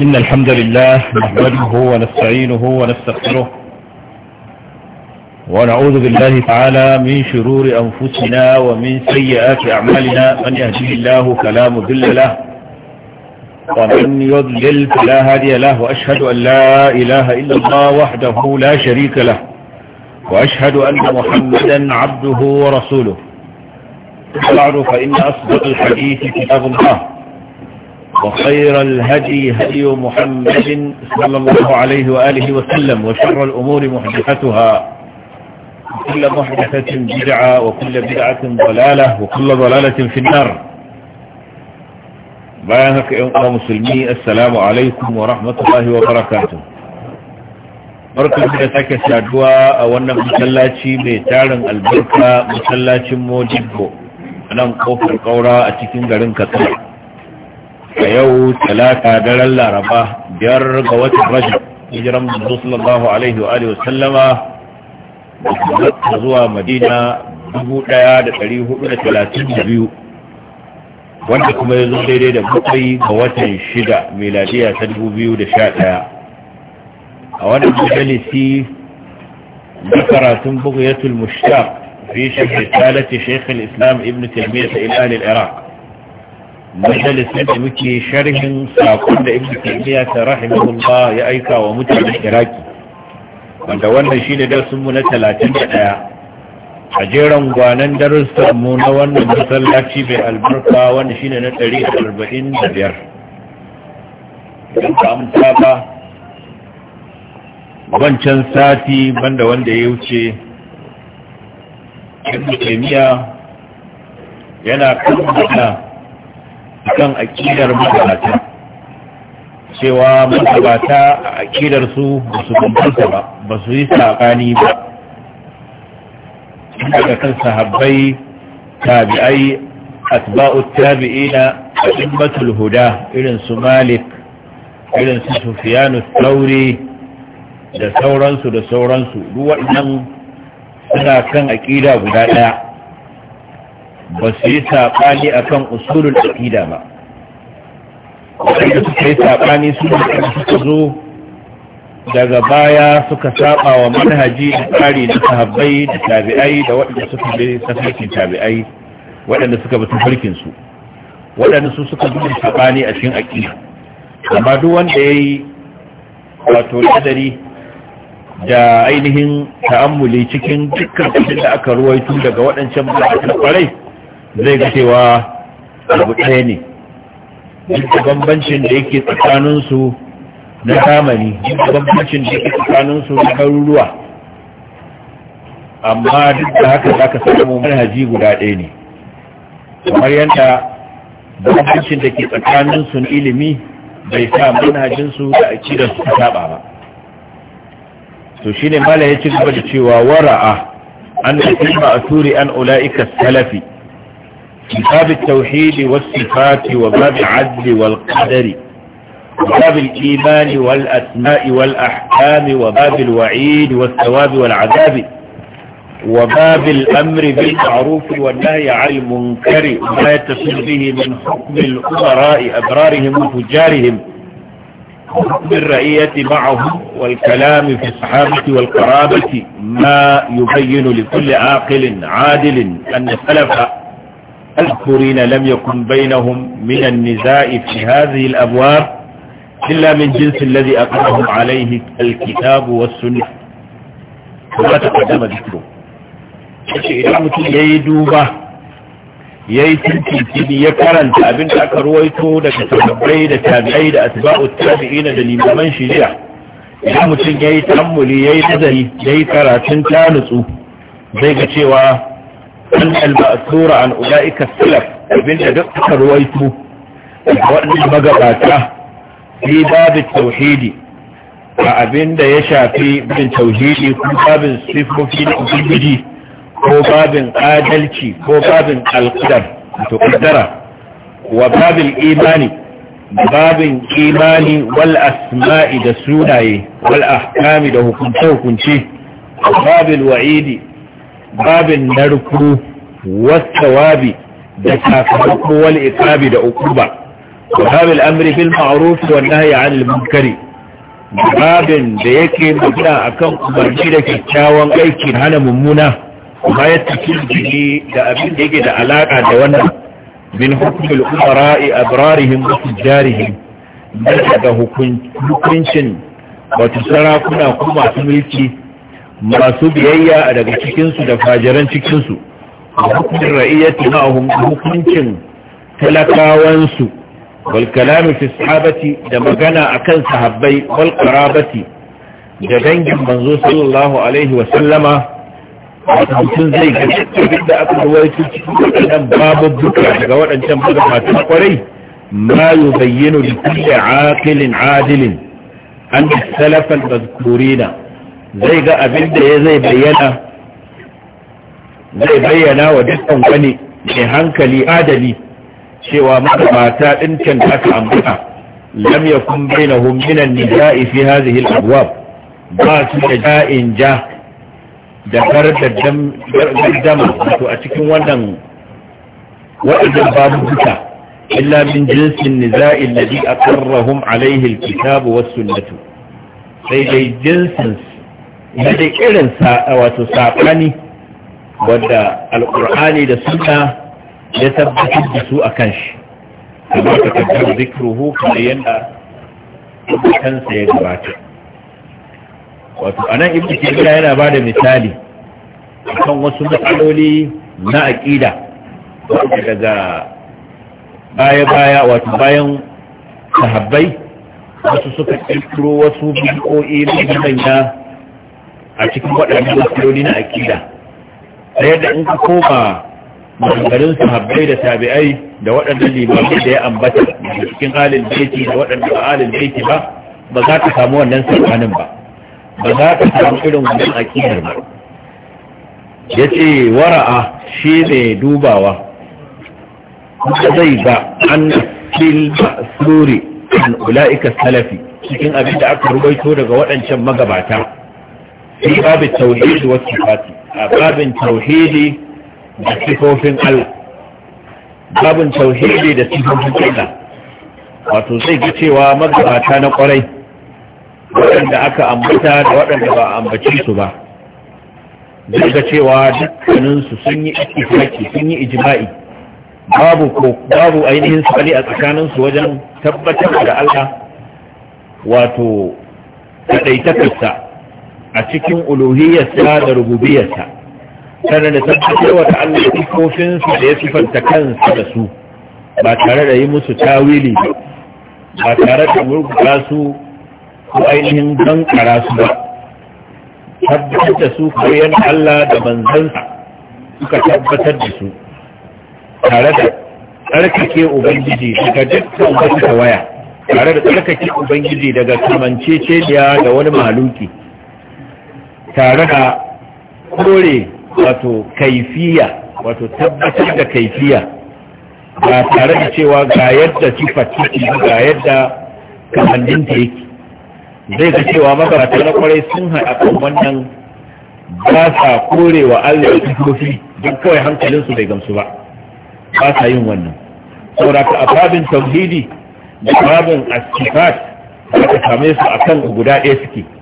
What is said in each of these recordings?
إن الحمد لله نحمده ونستعينه ونستغفره ونعوذ بالله تعالى من شرور أنفسنا ومن سيئات أعمالنا من يهدي الله فلا مذل له ومن يضلل فلا هادي له وأشهد أن لا إله إلا الله وحده لا شريك له وأشهد أن محمدا عبده ورسوله بعد فإن أصدق الحديث كتاب الله وخير الهدي هدي محمد صلى الله عليه وآله وسلم وشر الأمور محدثتها وكل محدثة بدعة وكل بدعة ضلالة وكل ضلالة في النار بيانك يا مسلمي السلام عليكم ورحمة الله وبركاته barkar da sake saduwa a wannan masallaci mai tarin albarka masallacin mojibbo a nan kofar kaura a cikin garin katsina a yau talata daren laraba biyar ga watan rajab hijiran manzo sallallahu alaihi wa alihi wasallama da zuwa madina 1432 wanda kuma ya zo daidai da bakwai ga watan shida meladiya ta 2011 a wani wannan majalisi na karatun bugayatul mushtaq fi shafi talati shaykh al-islam ibn taymiyyah ila al-iraq majalisin da muke sharhin sakon da ibn taymiya ta rahimahullah ya aika wa mutanen iraki wanda wannan shine darsin mu na 31 a jeran gwanan darussan mu na wannan masallaci bai albarka wanda shi ne na 145 idan ka amsa ba wancan sati banda wanda ya wuce ibn taymiya yana kan akan akidar magabata cewa magabata a akidar su ba su bambanta ba ba su yi saƙani ba daga kan sahabbai tabi'ai atba'u na a ɗimbatul huda irin su malik irin su sufiyanu tauri da sauransu da sauransu duk waɗannan suna kan aƙida guda ɗaya ba su yi saɓani a kan usulul aƙida ba waɗanda suka yi saɓani su da suka zo daga baya suka saɓa wa manhaji da tsari na sahabbai da tabi'ai da waɗanda suka bi tafarkin tabi'ai waɗanda suka bi tafarkinsu waɗanda su suka bi saɓani a cikin aƙida amma duk wanda ya yi wato ladari da ainihin ta'ammuli cikin dukkan abin da aka ruwaito daga waɗancan a kwarai zai ga cewa abu ɗaya ne duk bambancin da yake tsakaninsu na zamani duk bambancin da yake tsakaninsu na garuruwa amma duk da haka za ka samu manhaji guda ɗaya ne kamar yadda bambancin da ke tsakaninsu na ilimi bai sa manhajinsu da da ta saba ba to shine mala ya ci gaba da cewa wara'a an da kuma a turi an ula'ika salafi كتاب التوحيد والصفات وباب العدل والقدر وباب الإيمان والأسماء والأحكام وباب الوعيد والثواب والعذاب وباب الأمر بالمعروف والنهي عن المنكر وما يتصل به من حكم الأمراء أبرارهم وفجارهم وحكم الرئية معهم والكلام في الصحابة والقرابة ما يبين لكل عاقل عادل أن السلف المذكورين لم يكن بينهم من النزاع في هذه الأبواب إلا من جنس الذي أقرهم عليه الكتاب والسنة وما تقدم ذكره إذا متن يدوبة يتن تنتين يكرن تابين أكرويته لك تنبعي لتابعي لأتباع التابعين للإمامان شريع إذا متن يتعمل يتذهي يكراتن تانسو زي كتشيوه an al-ma'tsura an ulaika salaf abinda duk aka ruwaito wannan magabata fi babu tauhidi a abinda ya shafi bin tauhidi ko babin sifofi na ko babin adalci ko babin al'adar, to qaddara wa babin imani babin imani wal asma'i da sunaye wal ahkami da hukunce hukunce Babin wa'idi babin wasu wabi da sakamako wal Ikabi da Ukuba, wa babil amri bil ma'ruf wan nahyi 'anil munkari babin da yake magana akan umarni da kyakkyawan aiki hana mummuna kuma ya tafi da abin da yake da alaka da wannan min hukumul umara'i abrarihim wa tijarihim daga hukuncin wato sarakuna ko masu mulki masu biyayya daga cikinsu da fajiran cikinsu a hukumin ra'iyyati ma'ahum hukuncin talakawansu wal kalamu fi sahabati da magana akan sahabbai wal qarabati da dangin manzo sallallahu alaihi wa sallama mutum zai ga cikin da aka rawaito cikin waɗannan babubbuka daga waɗancan magabatan kwarai ma yubayyinu li kulli aqilin adilin an salafa al-mazkurina zai ga abin da ya zai bayyana zai bayyana wa dukkan wani mai hankali adali cewa mata ɗin can da aka ambata lam yakun bainahum min an-nisa'i fi hadhihi al-abwab ba su da ja'in ja da gardama wato a cikin wannan waɗannan babu duka illa min jinsin niza'in ladhi aqarrahum alayhi al-kitab was sunnah sai dai jinsin da da irin wato saɓani wadda alƙur'ani da sunna ya tabbatar da su a kan shi kamar ka kaddara zikruhu kamar yadda kansa ya gabata wato anan ibnu tabiya yana ba da misali kan wasu matsaloli na aƙida daga baya-baya wato bayan sahabbai wasu suka ƙirƙiro wasu bidiyoyi na manya a cikin waɗannan matsaloli na aƙida ta yadda in ka koma maganganun sahabbai da tabi'ai da waɗannan limamai da ya ambata daga cikin alin baiti da waɗanda ba baiti ba ba za ka samu wannan sabanin ba ba za ka samu irin wannan aƙidar ba ya ce wara'a shi ne dubawa kuma zai ba an ba suri an ula'ika salafi cikin abin da aka rubaito daga waɗancan magabata في باب التوحيد والصفات باب التوحيد بصفوف الله باب التوحيد بصفوف الله wato zai ga cewa magabata na kwarai waɗanda aka ambata da waɗanda ba ambaci su ba zai ga cewa dukkaninsu sun yi ikifaki sun yi ijima'i babu ko babu ainihin sali a tsakaninsu wajen tabbatar da Allah wato kaɗaitakarsa a cikin uluhiyarsa da rububiyarsa sannan da tabbatarwa da Allah sifofinsa da ya sifanta kansa da su ba tare da yi musu tawili ba tare da murgula su ko ainihin bankara su ba tabbatar da su koyon Allah da manzansa suka tabbatar da su tare da tsarkake ubangiji daga dukkan wata waya tare da tsarkake ubangiji daga kamanceceniya da wani maluki tare da kore wato kaifiya wato tabbatar da kaifiya ba tare da cewa ga yadda sifar take ga yadda kamanninta yake zai ga cewa magabata na kwarai sun haɗa kan wannan ba sa kore wa Allah sifofi don kawai hankalinsu bai gamsu ba ba sa yin wannan saboda a babin tauhidi da babin asifat da ka same su a kan guda ɗaya suke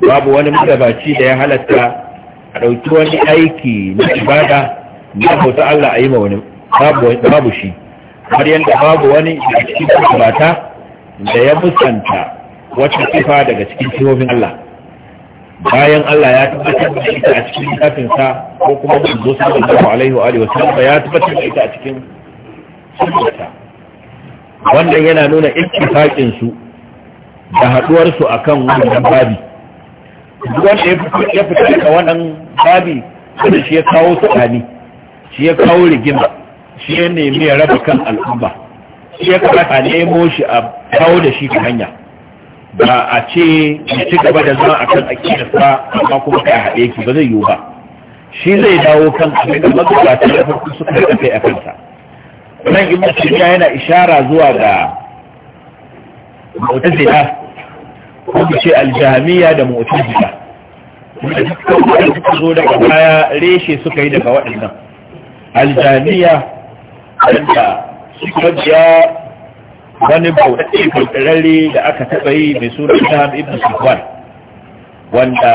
babu wani magabaci da ya halatta a ɗauki wani aiki na ibada na bauta Allah a yi ma wani babu shi har yadda babu wani da cikin bata da ya musanta wata kifa daga cikin sifofin Allah bayan Allah ya tabbatar da ita a cikin kafinsa, ko kuma manzo sallallahu alaihi wa alihi wa ya tabbatar da ita a cikin sunnata wannan yana nuna ittifaqin su da haduwar su akan wannan babi wanda ya fita daga wannan babi da shi ya kawo tsakani shi ya kawo rigima shi ya nemi ya raba kan al'umma shi ya kamata nemo shi a kawo da shi ta hanya ba a ce ya ci gaba da zama akan sa amma kuma kai haɗe ki ba zai yiwu ba shi zai dawo kan abin da magabata da farko suka yi kai a kansa nan yana ishara zuwa ga mu'tazila wanda ce aljamiya da mu'tazila wanda dukkan wanda suka zo daga baya reshe suka yi daga waɗannan aljamiya wanda suka ja wani bauɗaɗe kulturare da aka taɓa yi mai suna Islam ibn Sufwan wanda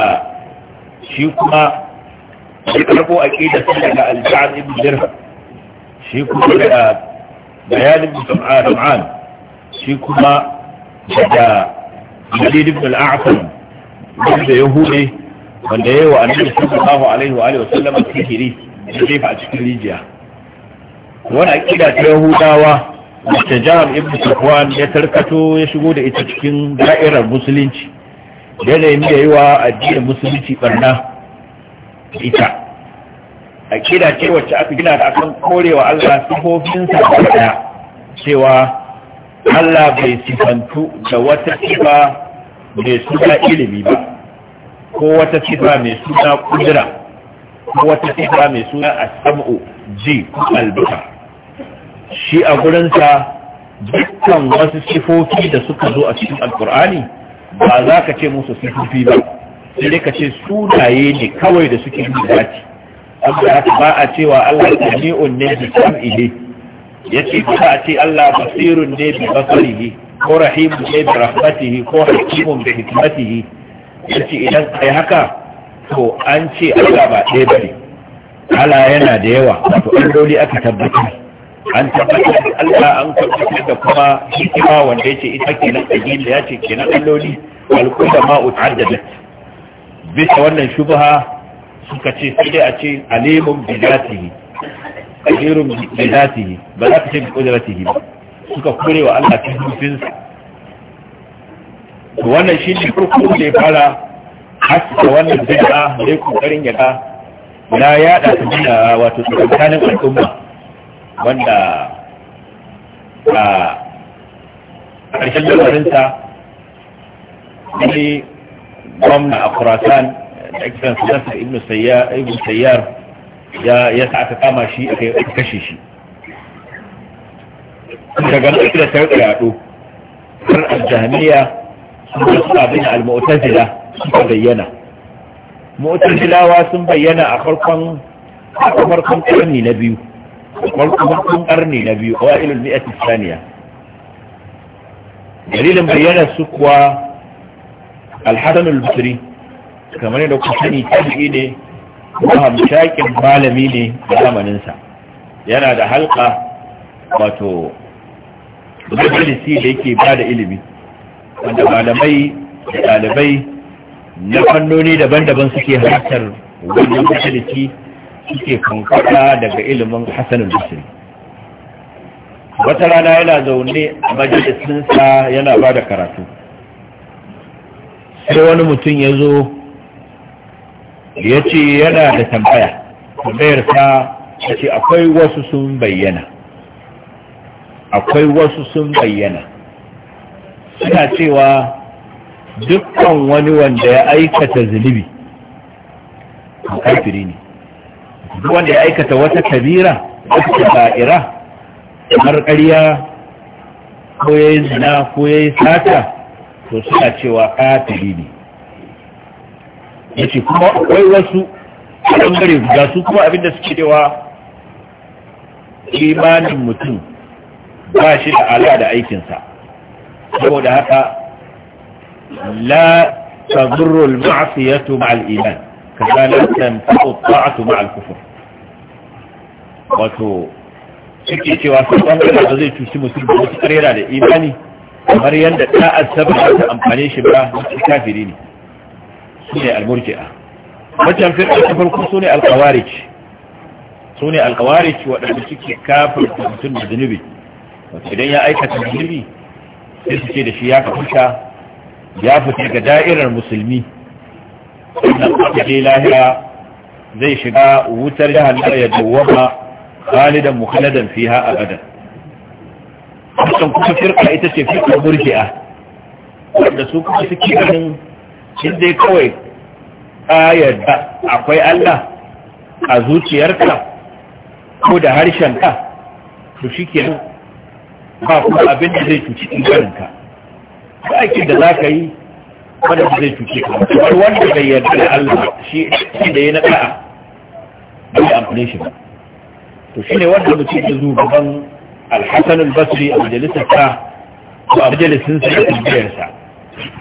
shi kuma ya karɓo aƙida sun daga aljihar ibn Dirham shi kuma daga bayanin Musamman shi kuma daga Yazid ibn al-A'sam wanda ya hude wanda yayi wa Annabi sallallahu alaihi wa alihi wasallam sihiri da jefa a cikin rijiya wani akida ta Yahudawa da Jam ibn Safwan ya tarkato ya shigo da ita cikin da'irar musulunci da ne yayi wa addinin musulunci barna ita akida ce wacce aka gina da akan korewa Allah sifofinsa da cewa Allah bai sifantu da wata sifa mai suna ilimi ba ko wata sifa mai suna kudura ko wata sifa mai suna asam'u ji albuka shi a gurinsa dukkan wasu sifofi da suka zo a cikin alkur'ani ba za ka ce musu sifofi ba sai ka ce sunaye ne kawai da suke yi dace amma ba a cewa Allah ta ne ne da sam'i ne yace kuka a ce Allah basirun ne bi basarihi ko rahimun ne bi rahmatihi ko hakimun bi hikmatihi yace idan kai haka to an ce Allah ba ɗaya bari. ala yana da yawa wato dole aka tabbatar an tabbatar da Allah an tabbatar da kuma hikima wanda yace ita kenan ajin da yace kenan alloli alkulla ma utaddada bisa wannan shubha suka ce sai dai a ce alimun bi kafirun bi zatihi ba za ka ce bi qudratihi ba suka kore wa Allah cikin to wannan shi ne farko da ya fara haska wannan bid'a da ya kokarin ya ga na yada ta bid'a wato tsakanin al'umma wanda a ƙarshen lamarinsa wani gwamna a Khurasan da ake san Ibn Sayyar ya sa aka kama shi aka kashe shi daga nan da ta rika yaɗo har aljamiya sun ga suna bin al-mu'tazila suka bayyana mu'tazilawa sun bayyana a farkon farkon karni na biyu farkon karni na biyu a wa'ilul mi'at saniya dalilin bayyana su kuwa al-hasan al-basri kamar yadda kuka sani tabi'i ne hamshakin malami ne da zamaninsa yana da halka wato majalisi da yake ba da ilimi wanda malamai da ɗalibai na fannoni daban-daban suke halartar wannan majalisi suke kankara daga ilimin hassanin bisiri wata rana yana zaune a majalisinsa yana bada karatu sai wani mutum ya zo ya ce yana da tambaya tambayarsa ya ce akwai wasu sun bayyana akwai wasu sun bayyana suna cewa dukkan wani wanda ya aikata zunubi kafiri ne duk wanda ya aikata wata kabira wata ka'ira kamar ƙarya ko ya yi zina ko ya yi sata to suna cewa kafiri ne ya ce kuma akwai wasu ɓangare ga su kuma abinda suke cewa imanin mutum ba shi da ala da aikinsa saboda haka la tazurru al-ma'siyatu ma'al iman kaza la tanfa'u ta'atu ma'al kufur wato suke cewa su ɓangare ba zai cuci mutum ba wasu karera da imani kamar yadda ta'ad sabon ta amfani shi ba wasu kafiri ne shine al-murji'a wajen firqa ta farko sune al-qawarij sune al-qawarij wadanda suke kafirta mutum da zunubi idan ya aikata zunubi sai su ce da shi ya kafirta ya fita ga da'irar musulmi sannan aka je lahira zai shiga wutar jihar jahannama ya dawwama khalidan mukhaladan fiha abadan wannan kuma firqa ita ce firqa murji'a wanda su kuma suke ganin shi dai kawai ayyada yadda akwai Allah a zuciyarka ko da harshenka to shi ke ba kuma abin da zai cuci ɗinkarinka da aikin da za ka yi wadda zai cuci ka wanda bai yarda da Allah shi da ya na a bai amfani shi ba to shi ne wanda mutum ya zuwa gaban alhassan basri a majalisar ka ko a majalisinsa da tambayarsa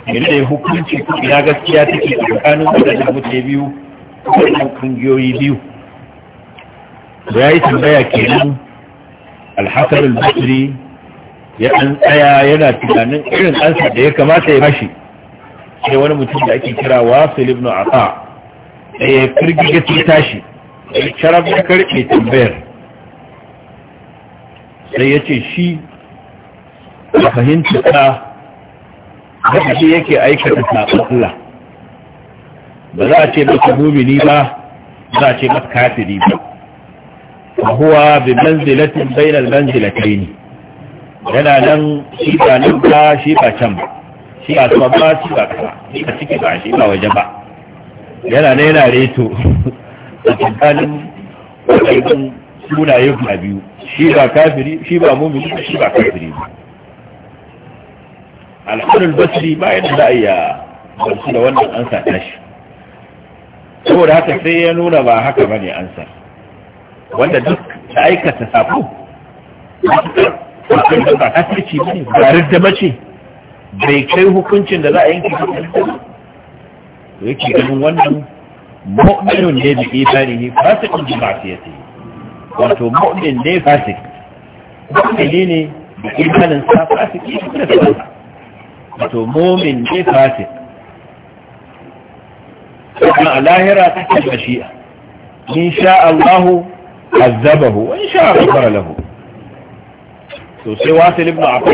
yana da hukunci ya gaskiya take a tsakanin waɗanda mutane biyu waɗannan kungiyoyi biyu da ya yi tambaya kenan alhassan al-basri ya ɗan tsaya yana tunanin irin ansa da ya kamata ya bashi sai wani mutum da ake kira wasu na asa da ya firgiga ta tashi da sharaf da karfe tambayar sai ya ce shi a fahimta haka shi yake aikata saƙon Allah ba za a ce masa mumini ba za a ce masa kafiri ba huwa bi manzilatin bainal manzilataini yana nan shi ba nan ba shi ba can ba shi a sama ba shi ba kasa shi a ciki ba shi ba waje ba yana nan yana reto a tsakanin wadannan sunaye guda biyu shi ba kafiri shi ba mumini shi ba kafiri ba alhannul Basiri ba yadda za a iya barci da wannan ansa tashi saboda haka sai ya nuna ba haka ba ne ansa wanda duk da aikata safo hukuncin ba kasirci ba ne garin da mace bai kai hukuncin da za a yanki hukuncin yake ganin wannan mu'minun ne bi imanihi fasikin bi ma'siyati wato mu'min ne fasik mu'mini ne bi imanin sa fasiki ne da sa wato mumin ne fasik kuma a lahira take mashi'a in sha Allahu, azabahu wa in sha ghafara lahu to sai a ibn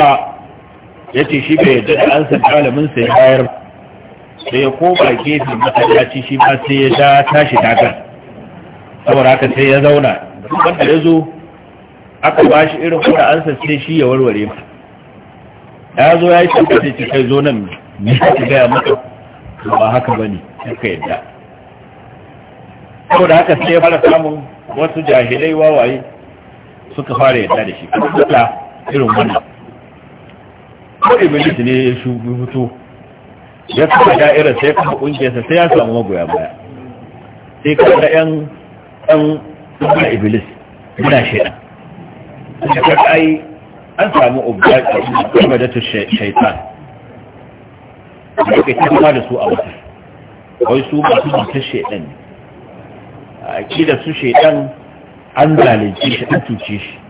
ya ce shi bai yadda da ansa malamin sai bayar sai ya koma gefe masallaci shi ba sai ya da tashi daga saboda haka sai ya zauna da da ya zo aka shi irin kuma ansa sai shi ya warware masa ya zo ya yi tabbata ce kai zo nan ya ci gaya maka ba haka ba ne suka yadda saboda haka sai ya fara samun wasu jahilai wawaye suka fara yadda da shi kuma irin wannan ko iblis ne ya shugu fito ya kafa irin sai kuma kungiyarsa sai ya samu magoya baya sai da yan ɗan iblis guda shida da kaga an samu ubadatu shaitan da ke kuma da su a wata wai su masu jikin shaitan ne a da su shaitan an zalunci shi an cuce shi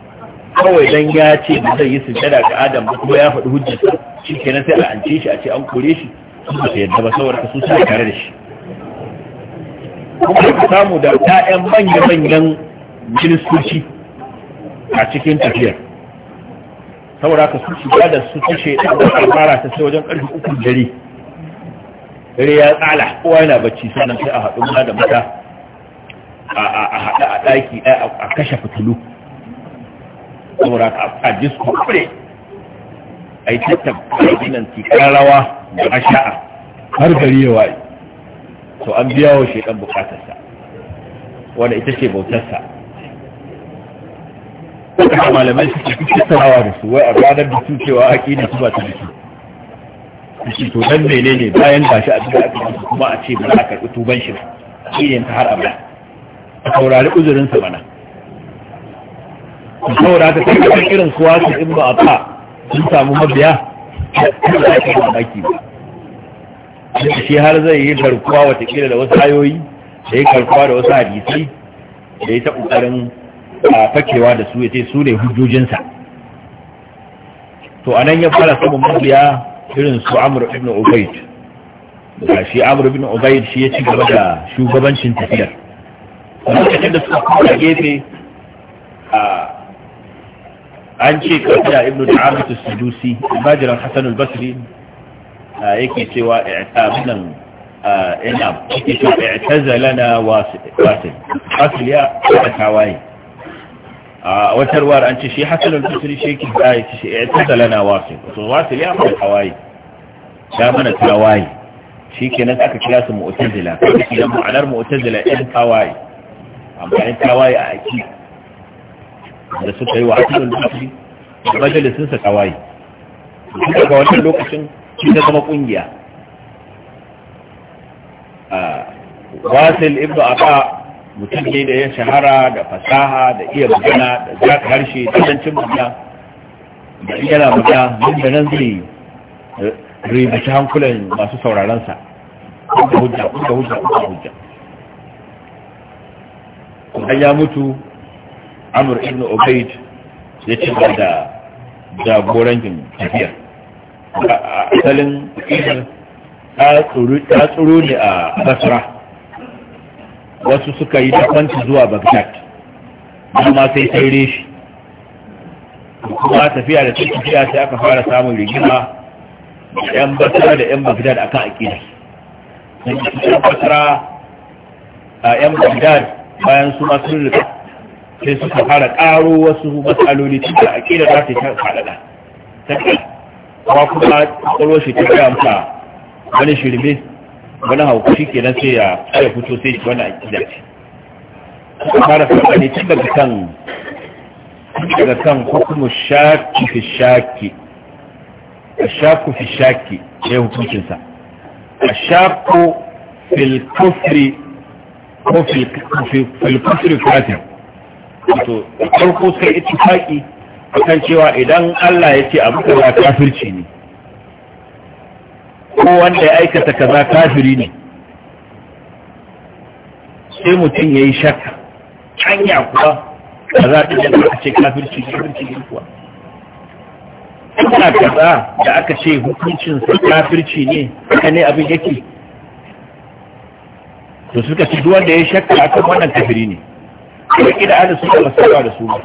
kawai don ya ce da zai yi sujada ga adam kuma ya faɗi hujjata shi kenan sai a ance shi a ce an kore shi su ba su yadda ba saboda ka su sa kare da shi kuma ka samu da 'ya'yan manya-manyan kiristoci a cikin tafiyar saboda aka su shiga da su tashe da fara ta sai wajen karfi uku dare dare ya tsala kowa yana bacci sannan sai a haɗu da mata a haɗa a ɗaki a kashe fitilu saboda ka a disko kure a yi tattaba ginin tikar da asha'a har gari ya waye to an biya wa shaidan bukatarsa wanda ita ce bautarsa suka malamai suke tattarawa da su wai a ranar da su cewa aƙida su ba ta da su shi to dan menene bayan ba shi a cikin aƙida su kuma a ce ba za a karɓi tuban shi ba shi ta har abada a saurari uzurin sa mana saboda ta kai irin kuwa su in ba a ta sun samu mabiya ba za a kai mamaki ba shi har zai yi karkuwa watakila da wasu ayoyi da ya karkuwa da wasu hadisai da ya ta ƙoƙarin fakewa da su yace su ne hujjojinsa to anan ya fara samun mabiya irin su Amr ibn Ubayd da shi Amr ibn Ubayd shi ya ci gaba da shugabancin tafiyar lokacin da suka koma gefe a an ce kafiya ibn Da'amat as-Sudusi bajiran Hasan al-Basri yake cewa i'tabinan ina yake cewa i'tazalana wasil wasil ya ta tawaye a wata ruwar an ce shi hasalul basri shi yake da ya ce ya eh, tada lana wasil to wasu ya fara tawaye ya mana tawaye shikenan aka kira su mu'tazila idan ma'anar mu'tazila ɗin tawaye amma ɗin tawaye a aki da suka yi wa hasalul basri da majalisin sa tawaye daga wannan lokacin shi ta zama kungiya wasil ibnu aba mutum ne da ya shahara da fasaha da iya magana da za ka harshe talancin magana da yana magana Mun da nan zai ribaci hankulan masu saurarensa da hujja da hujja da hujja kuma ya mutu amur ibn ubaid ya ci da tafiya. a asalin ta tsoro ne a basra wasu suka yi dafanci zuwa bagdad amma sai sai reshi kuma tafiya da cikin tafiya sai aka fara samun rigima yan basara da yan bagdad akan aqida yan basara a yan bagdad bayan su masu rika sai suka fara ƙaro wasu matsaloli cikin aqida za ta yi faɗaɗa. ta kuma kuma kwalwar shi ta kayamta wani shirme wani hauku shi kenan sai ya ya fito sai shi wani aƙida ce suka fara fara ne tun daga kan daga kan hukumu shaki fi shaki a shaku fi shaki ne hukuncinsa a shaku fil ko fil kufri wato a farko sai ita a akan cewa idan Allah ya ce abu kaza kafirci ne ko wanda ya aikata kaza kafiri ne sai mutum ya yi shakka canya kuwa kaza ta da aka ce kafirci kafirci ne kuwa ina kaza da aka ce hukuncin su kafirci ne haka ne abin yake to suka ci duwan da ya yi shakka akan wannan kafiri ne kuma kida ana suka masarwa da su ba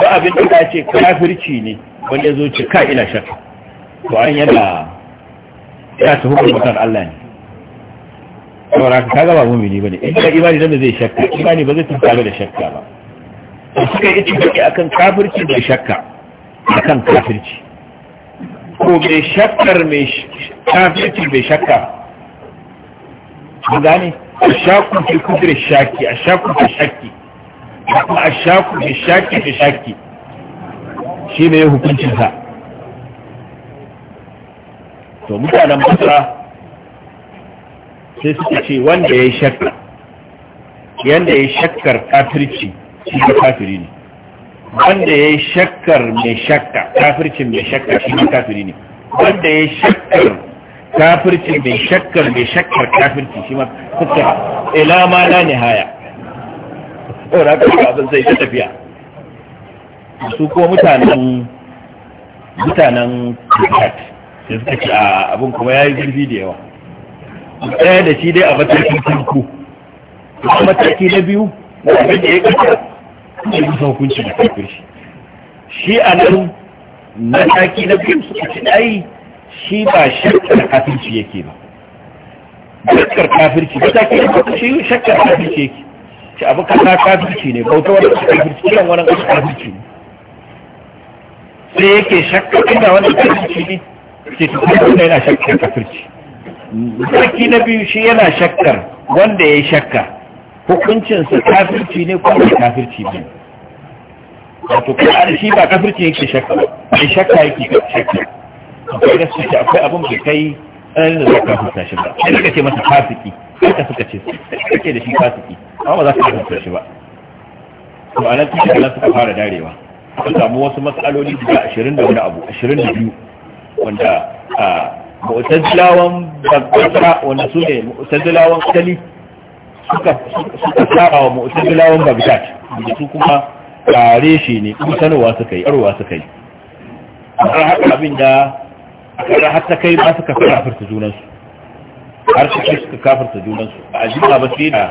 ba abin da ya ce kafirci ne wanda ya zo ce ka ina shakka to an yana ina tuhumar mutan Allah ne saboda ka kaga ba mumini bane in ka imani da zai shakka imani ba zai tunkalo da shakka ba to suka yi tuntuɓe akan kafirci da shakka akan kafirci ko mai shakkar mai kafirci mai shakka ne? A ashakun ke kudur shaki a ashakun ke shaki a ashakun ke shaki ke shaki shi ne hukuncinsa to mutanen basra sai suka ce wanda ya shakka yanda ya shakkar kafirci shi ne kafiri ne wanda ya shakkar mai shakka kafircin mai shakka shi ne kafiri ne wanda ya shakkar kafircin mai shakkar mai shakkar kafirci shi ma suka ila ma na nihaya ko na ka abin zai ta tafiya su ko mutanen mutanen kafirci sai suka ce a abin kuma ya yi zurfi da yawa ɗaya da shi dai a matakin farko a mataki na biyu na abin da ya kasa ne kusa hukunci da kafin shi shi a nan mataki na biyu suka ce ai shi ba shakkar kafirci yake ba shakkar kafirci mataki na farko shi shakkar kafirci yake shi abu kasa kafirci ne bauta wani kafirci kiran wani kafirci ne sai yake shakkar inda wani kafirci ne ce tukuna yana shakkar kafirci sarki na biyu shi yana shakkar wanda ya yi shakka hukuncinsa kafirci ne ko ba kafirci ne wato kuma shi ba kafirci yake shakka ba shakka yake shakka akwai gaskiya akwai abin da kai ɗan da zaka hukunta shi ba sai suka ce masa fasiki ka suka ce suke da shi fasiki amma ba za ka hukunta shi ba to anan tuka nan suka fara darewa aka samu wasu matsaloli guda ashirin da wani abu ashirin da biyu wanda a mu'tazilawan bagdad wanda su ne mu'tazilawan kali suka saba wa mu'tazilawan bagdad da su kuma tare shi ne kusanarwa suka yi arwa suka yi har haka abin da har har ta kai ba suka kafarta junansu har su kai suka kafarta junansu a jima ba sai da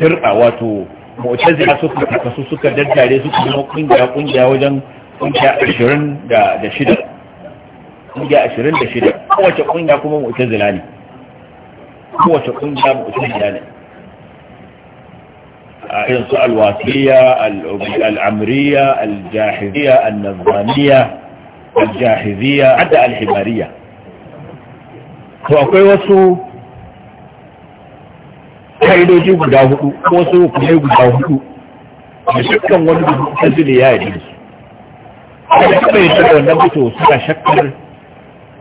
hirɗa wato mu'tazila suka kafasu suka daddare suka zama kungiya kungiya wajen kungiya ashirin da shida kungiya ashirin da shida kowace kungiya kuma mu'tazila ne kowace kungiya mu'tazila ne a irin su alwasiya al'amriya aljahiliya annazaniya aljahiliya hadda alhibariya to akwai wasu kaidoji guda hudu wasu hukumai guda hudu a dukkan wani mu'tazila ya yi da su kuma yi da wannan mutu suna shakkar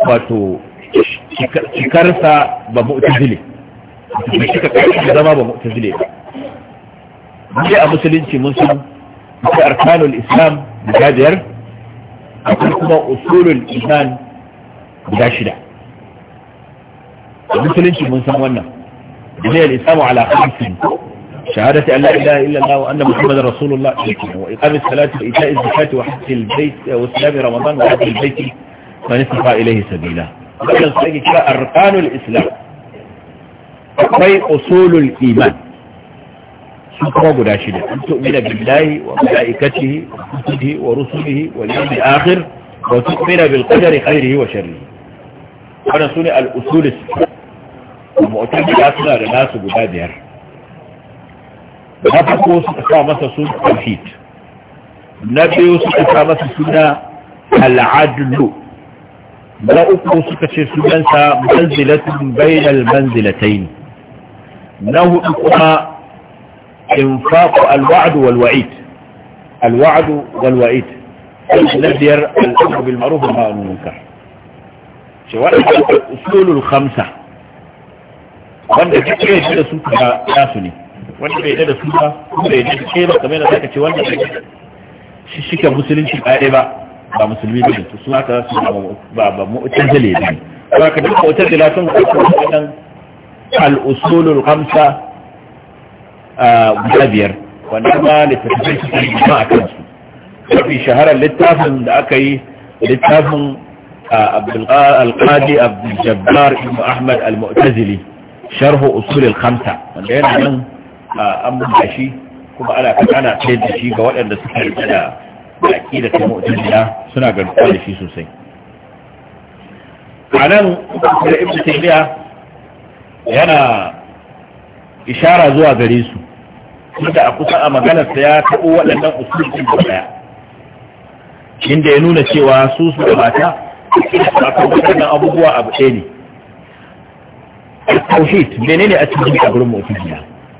wato cikarsa ba mu'tazili ba zama ba mu'tazili ba a musulunci mun san arkanul islam guda biyar akwai kuma usulul iman guda shida a musulunci mun san wannan ne al-islamu ala khamsin شهادة أن لا إله إلا الله وأن محمد رسول الله وإقام wa وإيتاء الزكاة وحج البيت وصيام رمضان وحج البيت man istafa ilaihi sabila wannan su ake kira arkanul islam akwai usulul iman su kuma guda shida an tu'mina billahi wa malaikatihi wa kutubihi wa rusulihi wal yawmil akhir wa tu'mina bil qadari khairihi wa sharrihi wannan sune al usul suna da nasu guda biyar na farko suka sa sun na biyu sa suna al na uku suka ce sunansa manzilatun bainal manzilatain na hudu kuma infaqu alwa'd wal wa'id alwa'd wal wa'id na biyar al'amru bil ma'ruf wa nahyi anil munkar shi wannan usulul khamsa wanda kike da su ka tasu ne wanda bai da su ba bai da ke ba kamar da zaka ce wanda shi shike musulunci ba ba ba musulmi ne to su haka su ba ba mu'tazile ne to haka duk mu'tazila sun kafa wannan al-usulul khamsa guda biyar wanda kuma littattafai suka yi jima a kansu mafi shaharar littafin da aka yi littafin alƙadi abdulljabbar ibn ahmad al-mu'tazili sharhu usulul khamsa wanda yana nan an buga shi kuma ana kan ana da shi ga waɗanda suka yi da da aqida ta mu'tazila suna garkuwa da shi sosai anan da ibnu taymiya yana ishara zuwa gare su inda a kusa a maganarsa ya taɓo waɗannan usulun da inda ya nuna cewa su su da mata a kan waɗannan abubuwa abu ɗaya ne tauhid menene a cikin a gurin mutum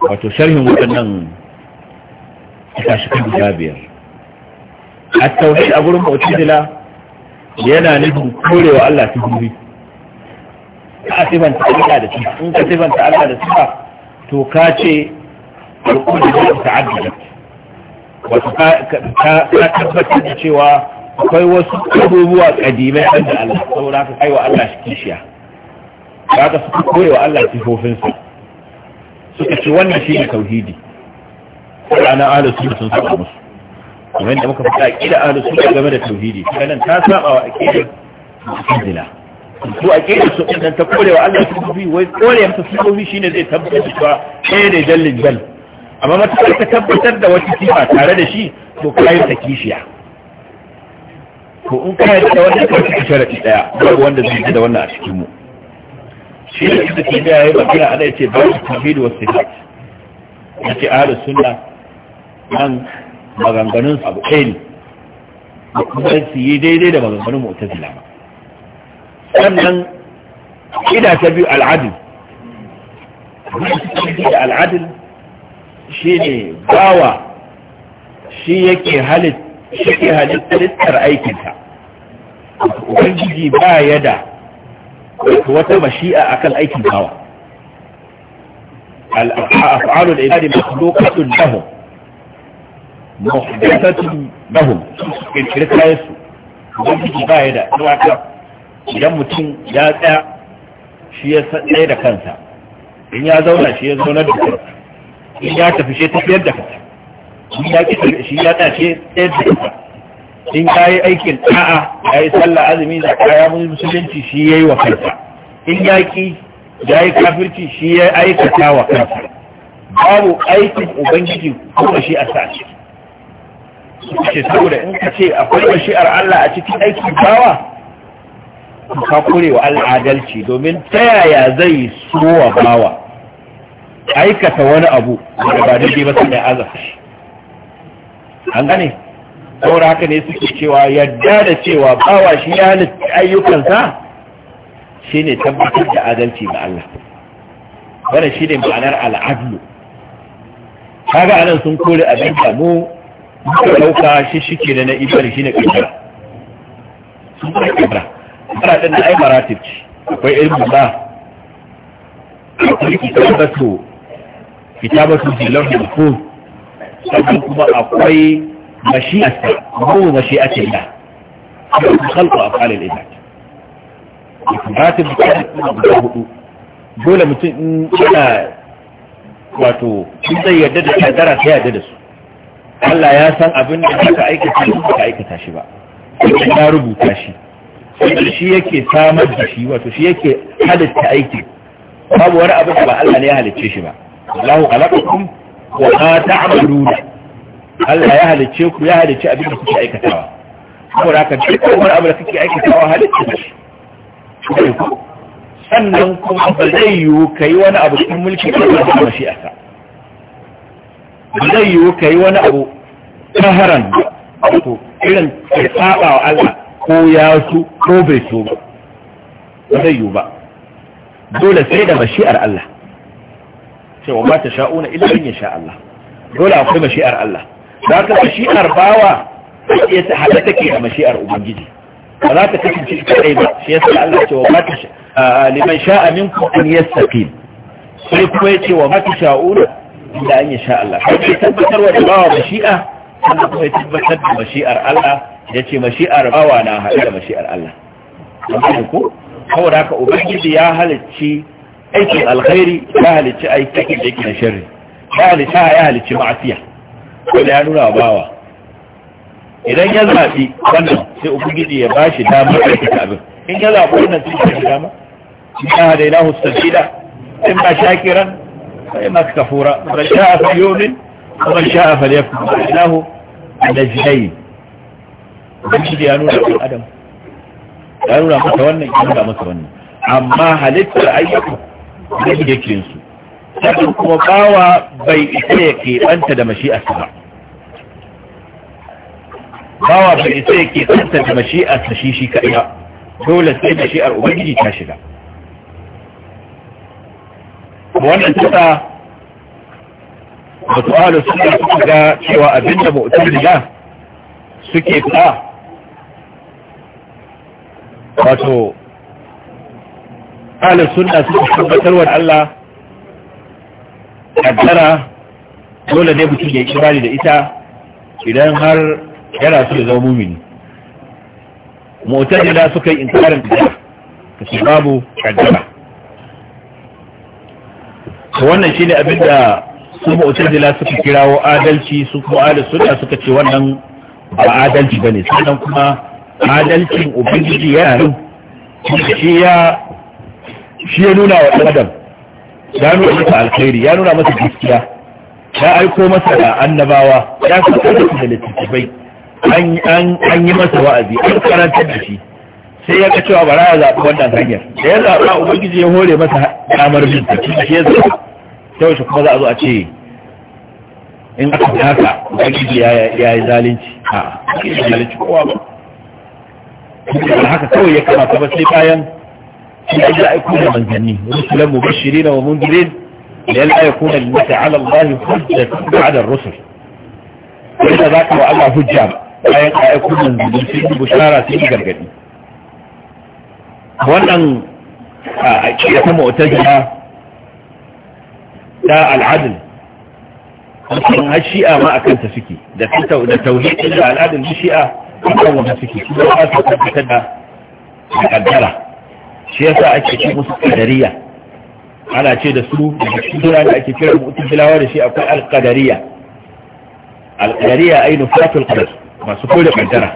wato sharhin waɗannan kashikan kan biyar a tauhid a gurin mu'tazila yana nufin korewa Allah ta guri ka sifanta Allah da sifa in ka sifanta Allah da sifa to ka ce da ka cewa akwai wasu abubuwa kadimai ɗan da Allah saboda ka kai wa Allah shi kishiya ba ka suka koya wa Allah sifofinsa suka ce wannan shi ne tauhidi sai ana ahalar sun sun saba musu kamar da muka faɗa a ahlus sunna game da tauhidi kanan ta saba wa aqida mu'tazila su aqida su dan ta korewa Allah Su sufi wai kore masa shi ne zai tabbatar tabbata cewa sai ne jallin jall amma matakar ka tabbatar da wata sifa tare da shi to kayan ta kishiya ko in ta kai da wannan kawai sharadi daya babu wanda zai ji da wannan a cikin mu shi ne ibnu tabiya yayi magana ana ce ba tauhid was sifat yace ahlus sunna nan maganganun abu ɗaya ne su yi daidai da maganganun mu'tazila sannan ida ta biyu al'adil da al'adil shi ne bawa shi yake halittar aikinsa ubangiji ba ya da wata mashi'a akan aikin bawa al'afa'alul masu lokacin lahum muhdathatu lahum kirkire kayan su don ciki ba ya da tsawata idan mutum ya tsaya shi ya tsaye da kansa in ya zauna shi ya zauna da kansa in ya tafi shi tafiyar da kansa in ya kisa shi ya tsaye da kansa in ka yi aikin ɗa'a ya yi sallah azumi da kaya musulunci shi ya yi wa kansa in ya ki ya yi kafirci shi ya aikata wa kansa babu aikin ubangiji kuma shi a sa ciki ce saboda in ka ce akwai mashi'ar Allah a cikin aikin bawa ka kure wa al'adalci domin ta yaya zai so wa bawa aikata wani abu da ba daidai ba sai azab an gane saboda haka ne suke cewa yadda da cewa bawa shi ya halitta ayyukansa Shi ne tabbatar da adalci ga Allah shi ne ma'anar al'adlu kaga anan sun kore abin da mu duka ɗauka shi shike da na ibari shi ne ƙaddara sun kuma ƙaddara ƙaddara ɗin na ai maratib ce akwai ilmu ba akwai kitabatu kitabatu zilon hilfu sannan kuma akwai mashi'ata mu mashi'ata ila akwai khalqu afalil ibad maratib da kuma guda hudu dole mutum in yana wato sun zai yarda da ƙaddara sai yarda da su Allah ya san abin da aka aikata shi ba aikata shi ba ya rubuta shi wanda shi yake samar da shi wato shi yake halitta aiki babu wani abin da ba Allah ne ya halicce shi ba Allahu khalaqakum wa ma ta'malun Allah ya halicce ku ya halicce abin da kuke aikatawa saboda haka duk wani abin da kuke aikatawa halicce shi sannan kuma ba zai yiwu kai wani abu cikin mulki da ba shi sa. ba zai yiwu ka yi wani abu kaharan wato irin ka wa Allah ko ya su ko bai so ba ba zai yiwu ba dole sai da mashi'ar Allah cewa ba ta sha'una illa in sha Allah dole akwai mashi'ar Allah za ka mashi'ar bawa ya ta hada take da mashi'ar ubangiji ba za ta kasance kai ba shi sa Allah cewa ba ta liman sha'a min minkum an yastaqim sai kuma ya ce wa mata sha'una inda an yi sha Allah sai tabbatarwa da bawa mashi'a sannan kuma ya tabbatar da mashi'ar Allah ya ce mashi'ar bawa na haɗe da mashi'ar Allah amma ko saboda haka ubangiji ya halicci aikin alkhairi ya halicci aikin da yake na sharri ya halicci ya halicci ma'asiya wanda ya nuna bawa idan ya zaɓi wannan sai ubangiji ya ba shi damar aikata abin in ya zaɓi wannan sai ya dama in ya hada ila hustar shida in ba shakiran فإنك كفورا من شاء فليؤمن ومن شاء فليكفر معناه نجدين ubangiji ya nuna ɗan adam ya nuna masa wannan ya nuna masa wannan amma halittar ayyuka da yake su kuma bawa bai isa ya keɓanta da mashi'arsa ba bawa bai isa ya keɓanta da mashi'arsa dole sai ubangiji ta shiga wannan kisa wasu suna suka ga cewa abinda mutum riga suke fita wato ahalar suna suka tabbatarwar Allah kaddara dole ne mutum ya kirari da ita idan har yana su da zama mumini mutum da suka yi inkarin da su babu kaddara wannan shine abin da su mu'tazila suka kirawo adalci su kuma ahlus sunna suka ce wannan ba adalci bane sannan kuma adalcin ubangiji yana nan shi ya shi ya nuna wa adam ya nuna masa alkhairi ya nuna masa gaskiya ya aiko masa da annabawa ya kuka da littattafai an yi masa wa'azi an karanta da shi sai ya ga cewa bara ya zaɓi wannan hanyar da ya zaɓa ubangiji ya hore masa damar bin ta shi ya zaɓa ta wasu kuma za a zo a ce in aka fi haka ubangiji ya yi zalunci a ubangiji zalunci kowa ba da haka kawai ya kamata ba sai bayan shi an da aiko da manzanni rusulan mubashirina wa mundirin da yalla ya kuna lillahi ala Allah hujja ba'da ar-rusul wanda zaka wa Allah hujja bayan ka aiko manzanni sai bushara sai gargadi wannan a wata mu'tazila ta al'adun kan har shi'a ma a kanta suke da tauhidin da al'adun da shi'a a kan wanda suke su ba su tabbatar da kaddara shi ya sa ake ce musu kadariya ana ce da su da cikin da ake kira mu'tazilawa da shi akwai al-qadariya al-qadariya ay nufatul qadar masu kore kaddara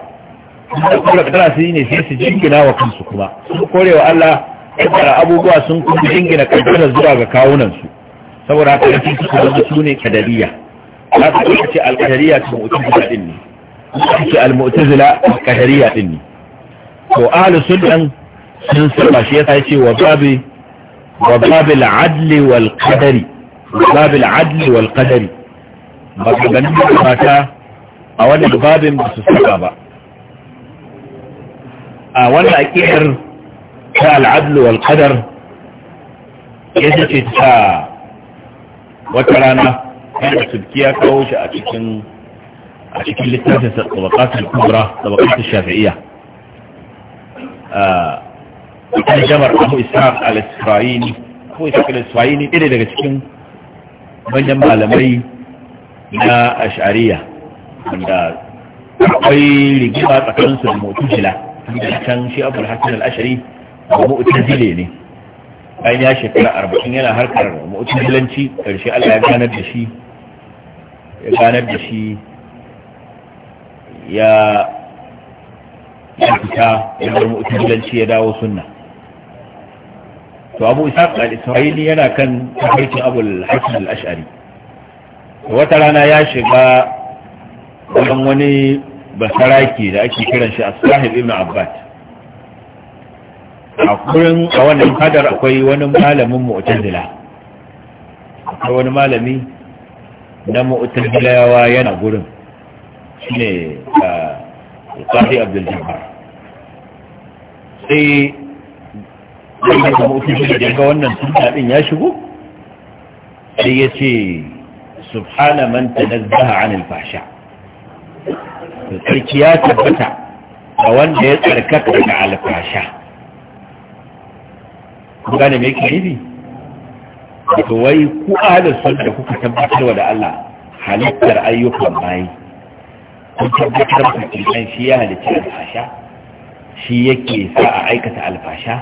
sun kore kaddara su ne sai su jingina wa kansu kuma sun kore wa Allah kaddara abubuwa sun kuma jingina kaddara zuwa ga kawunan su saboda haka yake su zama su ne kadariya za su iya ce alkadariya ta mu'tazila din ne su ce almu'tazila alkadariya din ne to ahlu sunnan sun saba shi yasa yace wa babi wa babil adli wal qadari babil adli wal qadari ba ga ganin mata a wani babin ba su saba ba a wannan aqidar ta al-adl wal qadar yace ta wata rana yana sulki ya kawo shi a cikin a cikin littafin tabaqatul kubra tabaqatul shafi'iyya ah, a jamar Abu isa al-Isra'ili ko isa al-Isra'ili ɗaya daga cikin manyan malamai na ash'ariya wanda akwai rigima tsakaninsu da mu'tazila da can shi Abu al-Hasan al-Ash'ari da mu'tazile ne bayan ya shekara arba'in yana harkar mu'tazilanci ƙarshe Allah ya ganar da shi ya ganar da shi ya ya fita ya bar mu'tazilanci ya dawo sunna to Abu isa al-Isra'ili yana kan tafarkin Abu al-Hasan al-Ash'ari wata rana ya shiga wajen wani basaraki da ake kiran shi as-Sahib Ibn Abbas a kurin a wannan fadar akwai wani malamin mu'tazila akwai wani malami na yawa yana gurin shine Qadi Abdul Jabbar sai wani da mu'tazila da ga wannan sunna din ya shigo sai ya ce subhana man tanazzaha 'anil fahsha sai ya tabbata a wanda ya tsarkaka daga alfasha kun gane me yake nufi to wai ku ala sunna da kuka tabbatar da Allah halittar ayyukan bayi kun tabbatar da kiran shi ya halitta alfasha shi yake sa a aikata alfasha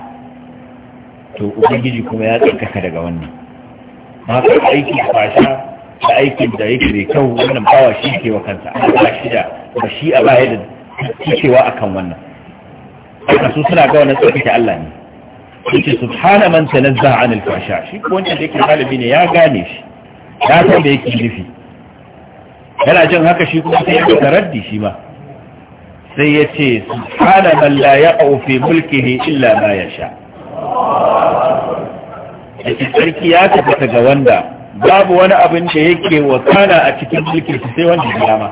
to ubangiji kuma ya tsarkaka daga wannan ka aiki alfasha da aikin da yake da kyau wannan bawa shi ke wa kansa an ba shi da ba shi a baya da cikewa akan wannan kasu suna ga wannan tsarkake Allah ne yake subhana man tanazza an al shi ko wanda yake malami ne ya gane shi ya san da yake nufi yana jin haka shi kuma sai ya taraddi shi ma sai ya ce subhana man la yaqau fi mulkihi illa ma yasha yake sarki ya tafi ga wanda babu wani abin da yake wakana a cikin mulkin sai wanda ya dama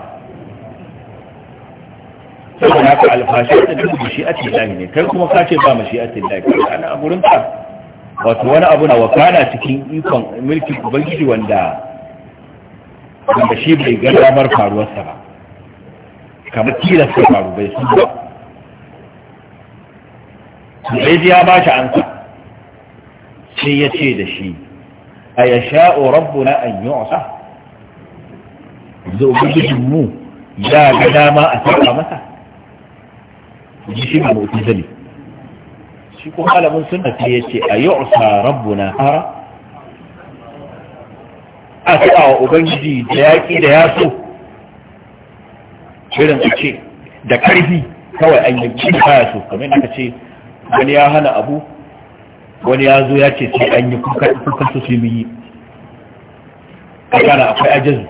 saboda haka alfashi da duk mashi'atin lahi ne kai kuma ka ce ba mashi'atin lahi kai ana a gurin ka wato wani abu na wakana cikin ikon mulkin ubangiji wanda wanda shi bai ga damar faruwarsa ba kamar tilasta faru bai su ba Zubaidi ya bashi shi ansa sai ya ce da shi a ya sha'o rabbuna an yi wasa zo gudunmu. ya ga dama a saka masa ji shi ba mutu zali shi ko malamin sunna sai ya ce a yi usa rabbuna ara a ce a ubangiji da yaƙi da ya so shirin a ce da ƙarfi kawai an yi ci baya so kamar aka ce wani ya hana abu wani ya zo ya ce sai an yi kuka su su yi a kana akwai ajazu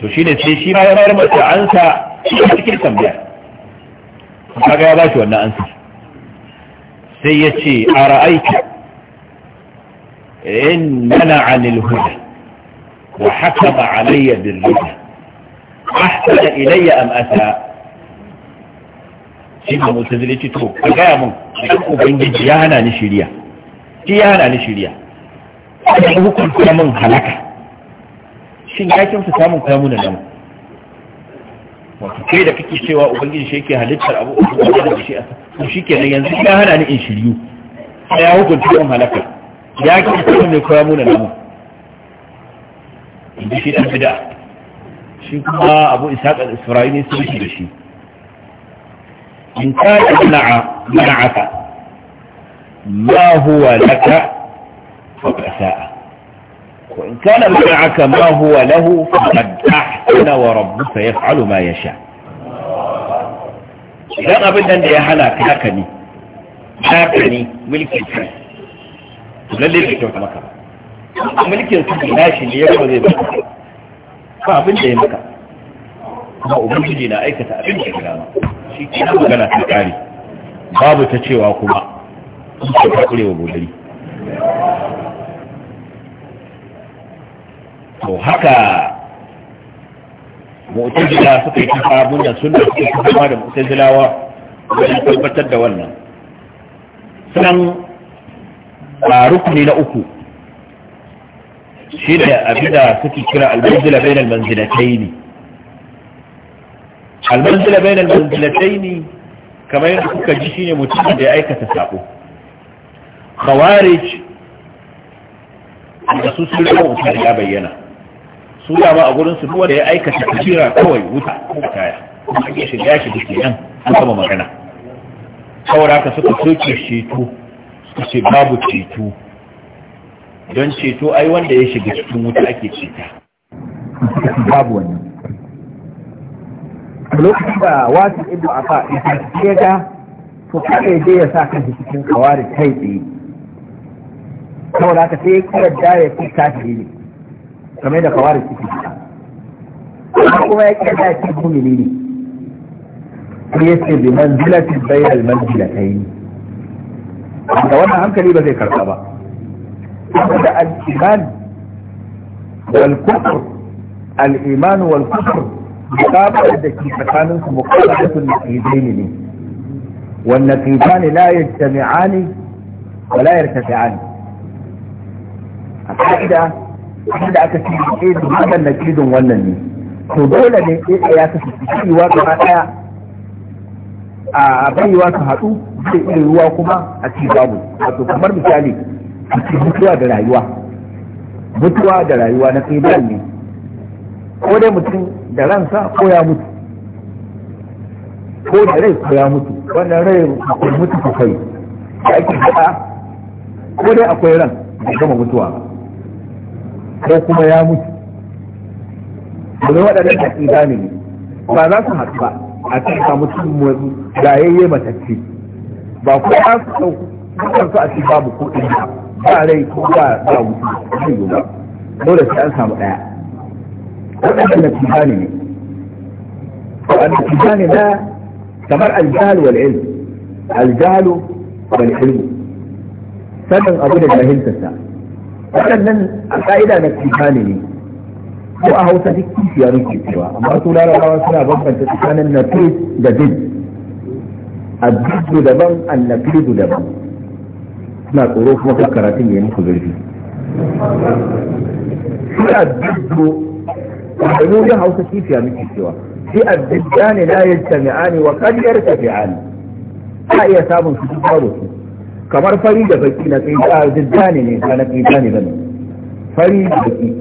to shi ne sai shi ma ya mayar masa ansa cikin tambaya kaga ya bashi wannan ansa sai ya ce a ra'aita in mana anil huda wa haka hakama alayya bil huda ahsana ilayya amasa. asa shi ne mutazili ce to ka gaya mun idan ubangiji ya hana ni shirya. shi ya hana ni shiriya kuma hukunta mun halaka shin ya kyauta samun kayan munan wato kai da kake cewa ubangiji shi yake halittar abu ubangiji da shi a to shikenan yanzu ya hana ni in shiryu sai ya hukunta in halaka ya ki kuma mai koya mu na namu inda shi dan bid'a shi kuma abu Isaka da israili sun shi da shi in ka tana'a mana'aka ma huwa laka fa sa'a وإن كان معك ما هو له فقد أحسن وربك يفعل ما يشاء idan abin nan da ya hana ka haka ne haka ne mulkin ka lalle da kyauta maka ba mulkin su ne nashi ne ya kuma zai baka ba abin da ya maka kuma ubangiji na aikata abin da ya shi magana babu ta cewa kuma sun ce kurewa godari to haka mu'tazila suka yi kafa abinda sunna suka yi kafa da mu'tazilawa wajen tabbatar da wannan sanan a rukuni na uku shi da abinda suke kira almanzila bainal manzilataini almanzila bainal manzilataini kamar yadda kuka ji shine mutum da ya aikata sako khawarij da su sun rawa ya bayyana su ba a gurin su duwa wanda ya aikata kabira kawai wuta kaya ake shiga shi duk nan an kama magana saboda haka suka soke ceto suka ce babu ceto don ceto ai wanda ya shiga cikin wuta ake ceta babu wani. lokacin da wasu ido a afa ya ga to kada ya je ya sa kan cikin kawari kai tsaye saboda haka sai ya kira da ya fi kafiri ne kamar da kawari suke amma kuma ya kira da shi mumini ne sai ya ce bi manzilati bainal manzilatayn da wannan hankali ba zai karɓa ba saboda al-iman wal kufr al-iman wal kufr muqabala da ke tsakanin su muqabalatul naqidain ne Wannan naqidan la yajtami'ani wa la yartafi'ani a ka'ida abin da aka ce eh wannan na kidin wannan ne to dole ne eh ya kasu ciwa gaba daya a baiwa su haɗu zai iya ruwa kuma a ci babu wato kamar misali a ci mutuwa da rayuwa mutuwa da rayuwa na kai ne ko dai mutum da ransa ko ya mutu ko da rai ko ya mutu wannan rai ko mutu sosai da ake ko dai akwai ran da gama mutuwa ba ko kuma ya mutu domin waɗannan aƙida ne ba za su haɗu ba a cikin samu cikin gayayye matacce ba ko ba su ɗauku kan su a cikin babu ko ɗin ba rai ko ba ba wuce zai yi ba dole sai an samu ɗaya waɗannan aƙida ne aƙida ne na kamar aljihal wal ilm aljihalu wal ilm sanin abu da jahiltarsa wannan a ka'ida na kifani ne ko a hausa duk kishiya ne cewa amma su larabawa suna bambanta tsakanin nafis da din jirgin daban a annafidu daban suna tsoro kuma kan karatun ya muku zurfi shi addu'u da mu hausa kishiya muke cewa shi addu'u ne la yajtami'ani wa qad yartafi'ani a iya samun su duk babu su kamar fari da baki na kai da ne ne ba na kai ne bane fari da baki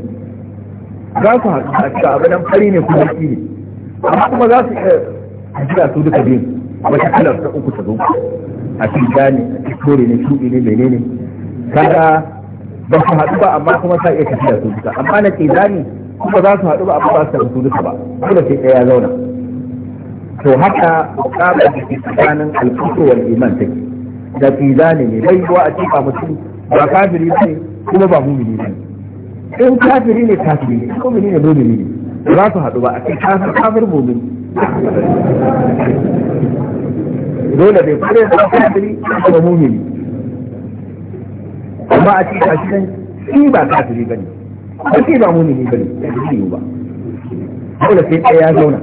za su haɗu a cikin abin nan fari ne kuma baki ne amma kuma za su iya jira su duka biyu wata kalar ta uku ta zo a cikin gane a cikin kore ne shuɗi ne ne kaga ba su haɗu ba amma kuma ta iya tafiya su duka amma na kai zani kuma za su haɗu ba amma ba su tafi su duka ba kuma sai ɗaya zauna to haka ƙabar da ke tsakanin alfito iman take da kiza ne mai bai zuwa a cika mutum ba kafiri ne kuma ba mumini ne in kafiri ne kafiri ne mumini ne mumini ne za su haɗu ba a kai kafir kafir mumini dole bai kare da kafiri kuma mumini amma a cika shi nan shi ba kafiri ba ne ba shi ba mumini ba ne ba shi ba dole sai ɗaya ya zauna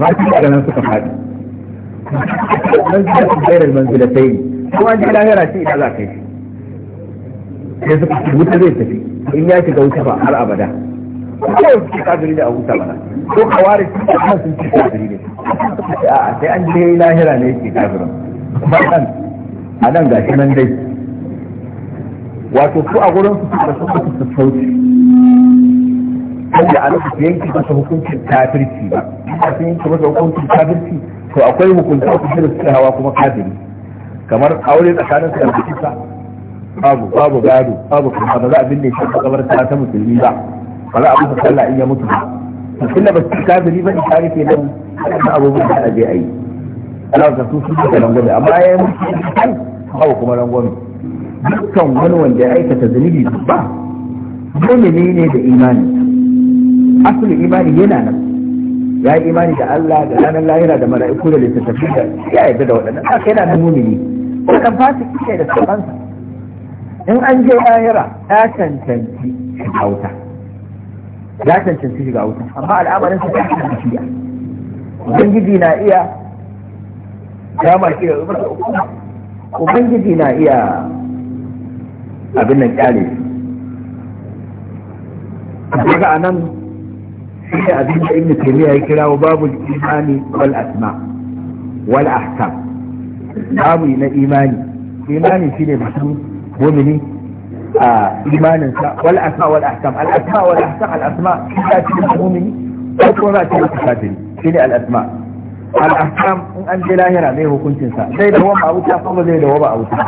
ba shi daga nan suka faɗi manzila su bayar manzila ta yi Ko an ji lahira shi idan za ka yi sai suka wuta zai tafi in ya shiga wuta ba har abada ko su kafiri ne a wuta ba. ko kawari su ce kan sun ce kafiri ne a'a sai an je lahira ne yake kafirin ba nan a nan gashi nan dai wato su a gurin su suka suka su sauci wanda a lokacin yanki masa hukuncin kafirci ba a sun yanki masa hukuncin kafirci to akwai hukunta ku shirin suka hawa kuma kafiri kamar aure tsakanin su da kisa babu babu gado babu kuma ba za a binne shi a kabar ta ta musulmi ba ba za a musu sallah in ya mutu ba mutum da ba su kafiri ba ni ita rufe nan na abubuwan da aje a yi Allah ka su su suka rangwame amma ya yi mutu kan babu kuma rangwame dukkan wani wanda ya aikata zunubi ba dole ne ne da imani asalin imani yana nan ya yi imani da Allah da ranar lahira da mala'iku da littattafi da ya yarda da waɗannan haka yana nan mumini kan fasi kike da sabansa in an je lahira ya cancanci shiga wuta ya cancanci shiga wuta amma al'amarin su ta shiga ubangiji na iya ma shi da umarsa hukuma ubangiji na iya abin nan kyale shi ga anan shi abin da ibn taymiya ya kirawo babu imani wal asma wal ahkam babu na imani imani shine mutum mu'mini a imanin sa wal asma wal ahkam al asma wal ahkam al asma shi ta ce mu'mini ko kuma za ta ce kafiri shine al asma al ahkam in an je lahira mai hukuncin sa sai da wani abu ta kuma zai da wani abu ta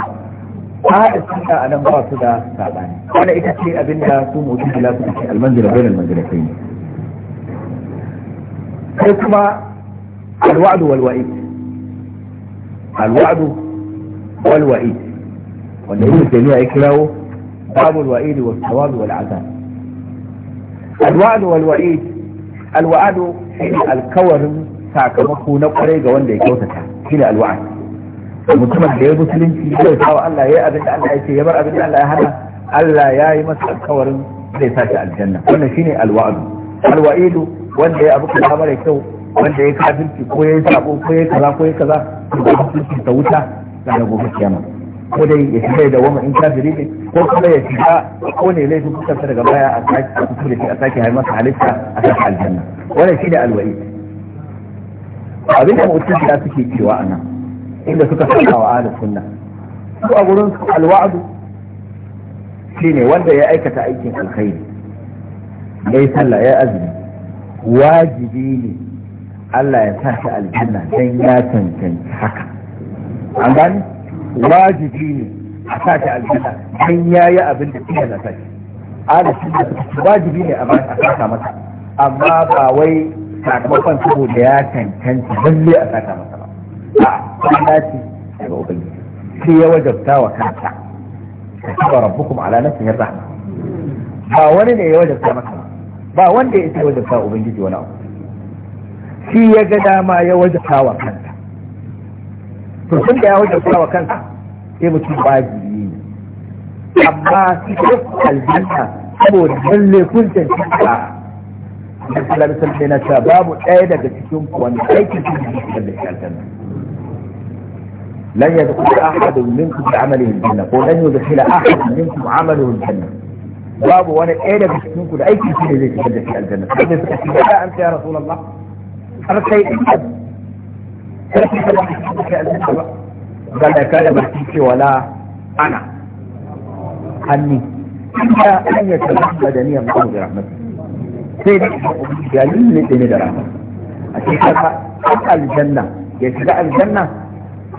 haɗa suna a nan ba su da saɓani Wani ita ce abin da su mutum da su ce almanzira bayan almanzira kai ne sai kuma alwa'du wal wa'id alwa'du wal wanda ibn jami'a ya kirawo babul wa'id wal thawab wal azab alwa'du wal wa'id alwa'du shine alkawarin sakamako na kwarai ga wanda ya kyautata shine alwa'd mutumin da ya musulunci zai sawa Allah ya yi abin da Allah ya ce ya bar abin da Allah ya hana Allah ya yi masa alkawarin zai sa shi aljanna wannan shine alwa'du alwa'idu wanda ya abu kaza mara kyau wanda ya kafirci ko ya yi sabo ko ya yi kaza ko ya yi kaza to ba kafirci ta wuta da na gobe kiyama ko dai ya shiga da wama in kafiri ne ko kuma ya shiga ko ne laifin kusansa daga baya a sake a kusa da shi a sake har masa halitta a sake aljanna wannan shi ne alwa'i abin da mutum da suke cewa a nan inda suka saka wa ahlus sunna su a gurin su alwa'du shine wanda ya aikata aikin alkhairi yi sallah ya yi azumi wajibi ne Allah ya sa shi aljanna dan ya cancanci haka an gani wajibi ne a sa shi aljanna dan ya yi abin da suka na sa shi wajibi ne a ba a saka masa amma ba wai sakamakon saboda ya cancanci lalle a saka masa ba a ce daga sai ya wajabta wa kansa ka ala rahma ba wani ne ya wajabta masa ba wanda ya ce wajabta ubangiji wani abu shi ya ga dama ya wajen wa kanta to sun da ya wajen wa kanta sai mutum ba jiri ne amma shi ko aljanna saboda lalle kun ba da kalar alaihi na ta babu ɗaya daga cikin ku wanda aikin su ne da aljanna لن يدخل احد منكم بعمله الجنه ولن يدخل احد منكم عمله الجنه babu wani ɗaya daga cikin ku da aiki shi ne zai shigar da shi aljanna sai da suka shiga da an tsaya rasulullah har sai in ka sai ka da shi aljanna ba dan da kada ba shi ce wala ana anni ya an yi tabbata da niyyar mu da rahmat sai da jalil ne da da rahmat a cikin aljanna ya shiga aljanna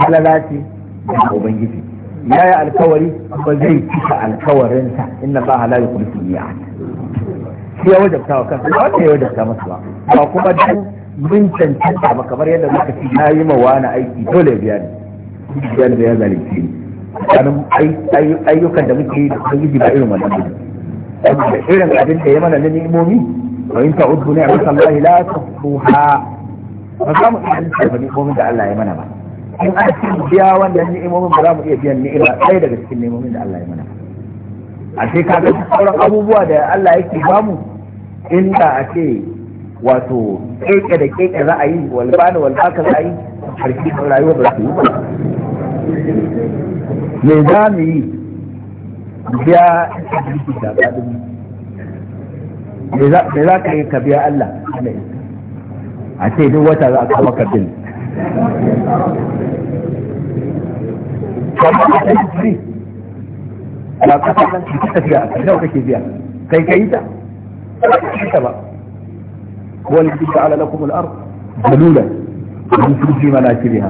halalati da ubangiji ya yi alkawari ba zai cika alkawarinsa inna ba la yukhlifu al-mi'ad shi ya wajabta wa kansa ba wanda ya wajabta masa ba ba kuma dan mun cancanta ba kamar yadda muka ci ya yi mawa na aiki dole biya ne biyan da ya zalunci ne ayyukan da muke yi da ubangiji ba irin wannan ba irin abin da ya mana na ni'imomi wa in ta'uddu ni'matallahi la tuhsuha ba za mu iya lissafa ni'imomin da Allah ya mana ba in an ci biya ni ni'imomin ba za mu iya biyan ila ɗaya daga cikin nemomin da Allah ya mana a ce ka ga sauran abubuwa da Allah yake ba in da a ce wato keke da keke za a yi walbani walbaka za a yi harki rayuwa ba su yi ba me za mu yi biya da me za ka yi ka biya Allah a ce duk wata za a kawo ka bil kuma a ɗaya ne ba ka ta nan cikin tafiya a ɗaya kake biya kai kai ta ba ka ta ba wani jikin ta ala na kuma na'ar dalilan wani turji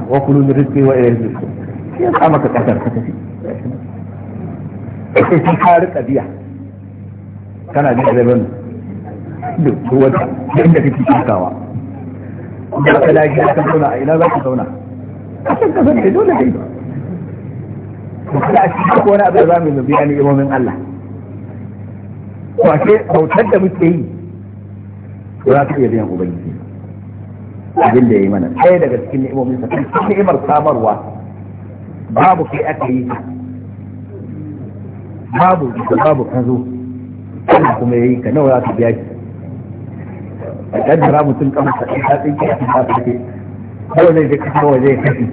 wa kulu na rikki wa irin rikki ya kama ka ƙasar ka tafi ka ka riƙa biya kana biya zai bani da wata da inda kake cikin kawai da aka dage aka zauna a ina za ka zauna a kan kasar ne dole kai da a cikin wani abin za mu yi zabi a ni'imomin Allah to a ce bautar da muke yi to za ka iya biyan ubangiji abin da ya yi mana ɗaya daga cikin ni'imomin sa kan cikin ni'imar samarwa babu kai aka yi babu da babu ka zo kuma ya yi ka nawa za ka biya ki? a kaddara mutum kama ta ta tsinke a cikin afirka kawai zai je kasa waje ya kashi